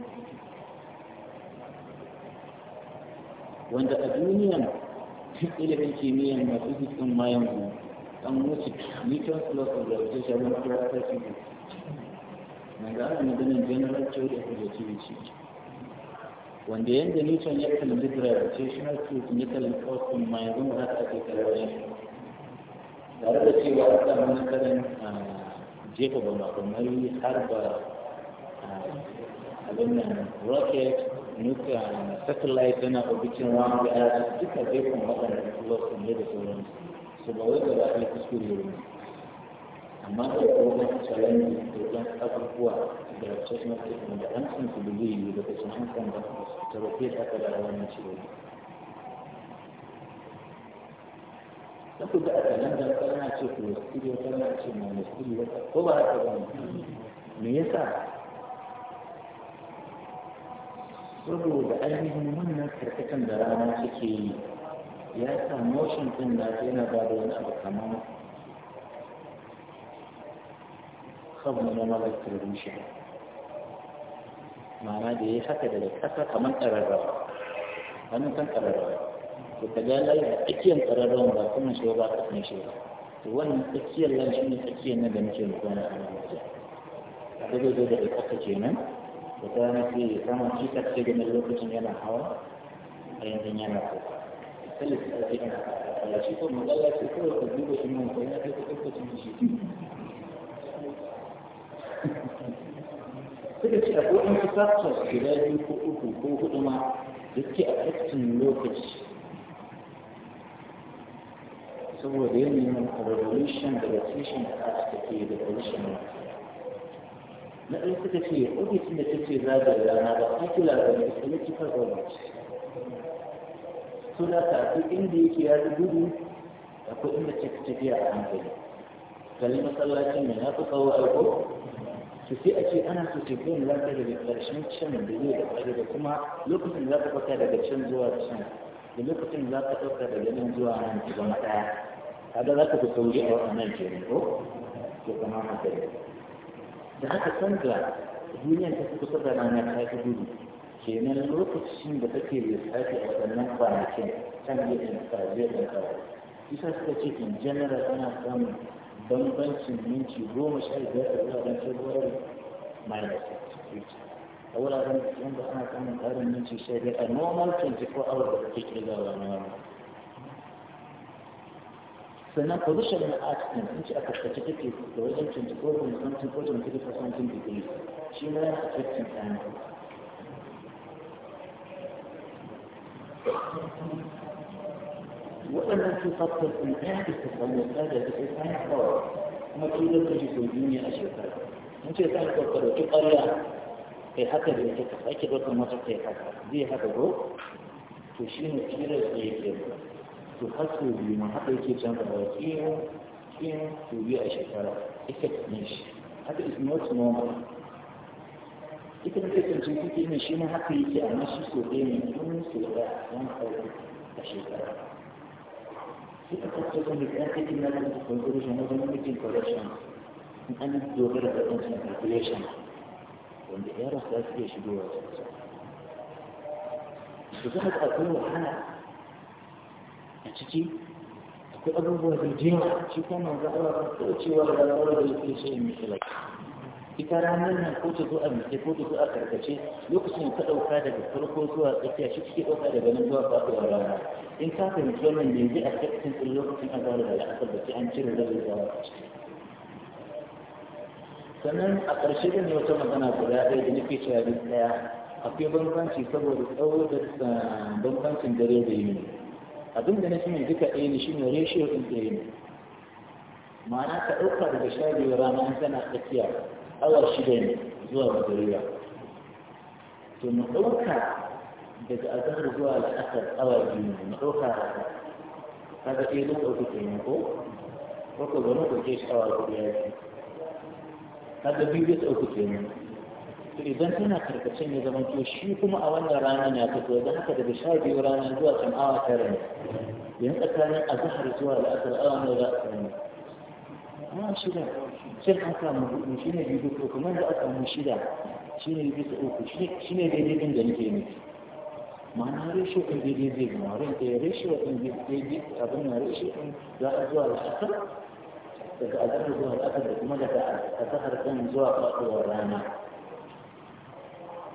Wanda a duniyan ilimin kimiyyar masu hikin mayan ku an wuce Newton Plus of Gravitation wani Na ga ana maganin general theory of relativity. Wanda yadda Newton ya kalli gravitational truth ya kalli force ɗin mayan zuwa za ta ake kalli tare da cewa ta samu karin jefa ba bambamai har ba ah, abin nan rocket nuka satellite tana orbitin round the earth duka jefin waɗanda su wasu ne da sauran su ba wai gaba ɗaya kuskure ne amma da kowane challenge da ɗan abubuwa da cikin da an san su da zai yi da cikin an san da ta rufe ta kada wani ciwo ku ga a nan da kana ce ku studio kana ce mai studio ko ba ba me yasa saboda ainihin wannan karkatan da rana take yi ya sa motion din da yana ba da wani abu kamar malakar rushe ma'ana da ya haka daga ƙasa kamar ƙararrawa wani kan ƙararrawa to ka ga lai a tsakiyar ƙararrawan ba kuma shi ba ka san shi ba to wannan tsakiyar lai shi ne tsakiyar nan da muke magana a nan wajen daga da da ƙasa kenan da ta na ce sama shi ta ce ganin lokacin yana hawa a yanzu yana ko sai ta ce yana hawa shi ko magana ce kawai ka duba shi mun ko ya kai ka shi suka ce akwai an fi factors guda biyu ko uku ko hudu ma duk ke a lokacin lokaci saboda a revolution da rotation da aka ke da revolution na ɗaya suka ce ofisin da take zagaya rana ba kula da ne political government so da ka duk inda yake ya ji gudu akwai inda take tafiya a hankali kalli masallacin mai na fi kawo alko su sai a ce ana so tafiya na za da ƙarshen can da zai da ƙari da kuma lokacin da za ka fata daga can zuwa can da lokacin za ka ɗauka daga nan zuwa nan zama ɗaya kaga za ka fi sauri a waɗannan kenan ko ke zama haka ne da haka san da duniyan ta fi kusa da rana ta fi gudu kenan lokacin da take lissafi a waɗannan kwanakin kan yi ɗanka zai ɗanka isa suka ce in general ana samun bambancin minti goma sha biyar da zuwa don february minus a wuraren da ana samun ƙarin minti sha biyar a normal 24 hours da kake ƙirgawa na wani sannan position na art din sun ci a kaskace take da wajen 24.7 ko 23.7 degree shi ma yana affecting ɗana waɗannan su faktor ɗin ɗaya da su samu tsada da kai sani power kuma turar da shi sau duniya a shekara mun ce sani power ka ɗauki ƙarya kai haka da yake ka sake ɗaukar mata kai haka zai haka ko to shi ne turar da yake ba تحسن بما حقك جنب بيتيه كين تبيع شكرا اكت نيش هذا اسموت نوم اكت نيش تنجيك كين شين حقك عمشي سوقين من سوقا من حقك شكرا كيف تتصل بالآن كيف نعمل كونتروج نظام ممكن كولاشن من أن تدور على أنسان كولاشن وأن يرى ثلاث شيء جوا سوف تحط أقوى حالة a ciki akwai abubuwa da jewa shi kuma za a ta tsoro cewa da Allah da yake so in misali ita ranar nan ko ta zo a mace ko ta zo a karkace lokacin ka ɗauka daga farko zuwa tsakiya shi kike ɗauka daga nan zuwa faɗuwa rana in ka fahimci wannan yanzu a cikin tsin lokacin azhar da la'asar da sai an cire rabin zuwa sannan a ƙarshe zan wata magana guda ɗaya da nake cewa duk ɗaya akwai bambanci saboda tsawo da eh, bambancin dare da yini abin da na mai duka ɗaya ne shine ratio ɗin ɗaya ne ma'ana ka ɗauka daga sha biyu rana an tana tsakiya awa shida ne zuwa magariba to mu ɗauka daga azahar zuwa asar awa biyu ne mu ɗauka kaga ɗaya zan ɗauki kenan ko ko ka zama ɗauke shi awa biyu ya ce kaga biyu zai ɗauki kenan to idan tana karkace ne zaman to shi kuma a wannan rana ya fito da haka daga sha biyu rana zuwa can awa tara ne yanzu tsakanin azahar zuwa la'asar awa nawa za a samu awa shida can an samu hudu shi ne biyu ko kuma da aka samu shida shi ne bisa uku shi ne daidai din da nake nufi ma'ana reshe ɗin daidai zai zama ran ɗaya reshe ɗin daidai abin na reshe ɗin za a zuwa la'asar daga azahar zuwa la'asar da kuma daga azahar ɗin zuwa faɗuwar rana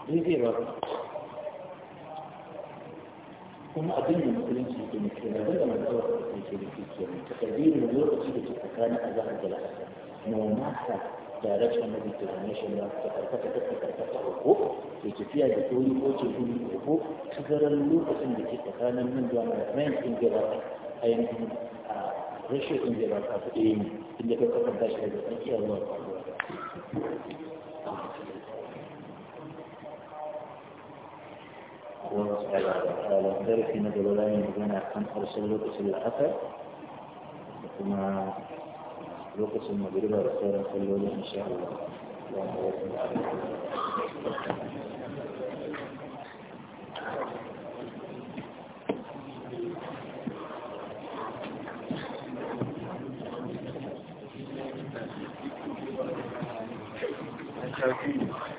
daidai ba kuma abin da musulunci ke nufi na zai da mantuwa da ke da fiye ne ta kabiru da lokaci da ke tsakanin a zahar da lahasa no matter direction na determination na ta karkata ta karkata ko ke tafiya da tori ko ce turi ko tazaran lokacin da ke tsakanin nan zuwa na rain in gaba a yankin a rashin in gaba a kuɗe ne inda ka kasanta shi daga tsakiyar ruwa lantarki na gaba za mu magana kan ƙarshen lokacin la'asar da kuma lokacin magriba da sauran sallolin insha Allah za mu wasu da Thank you.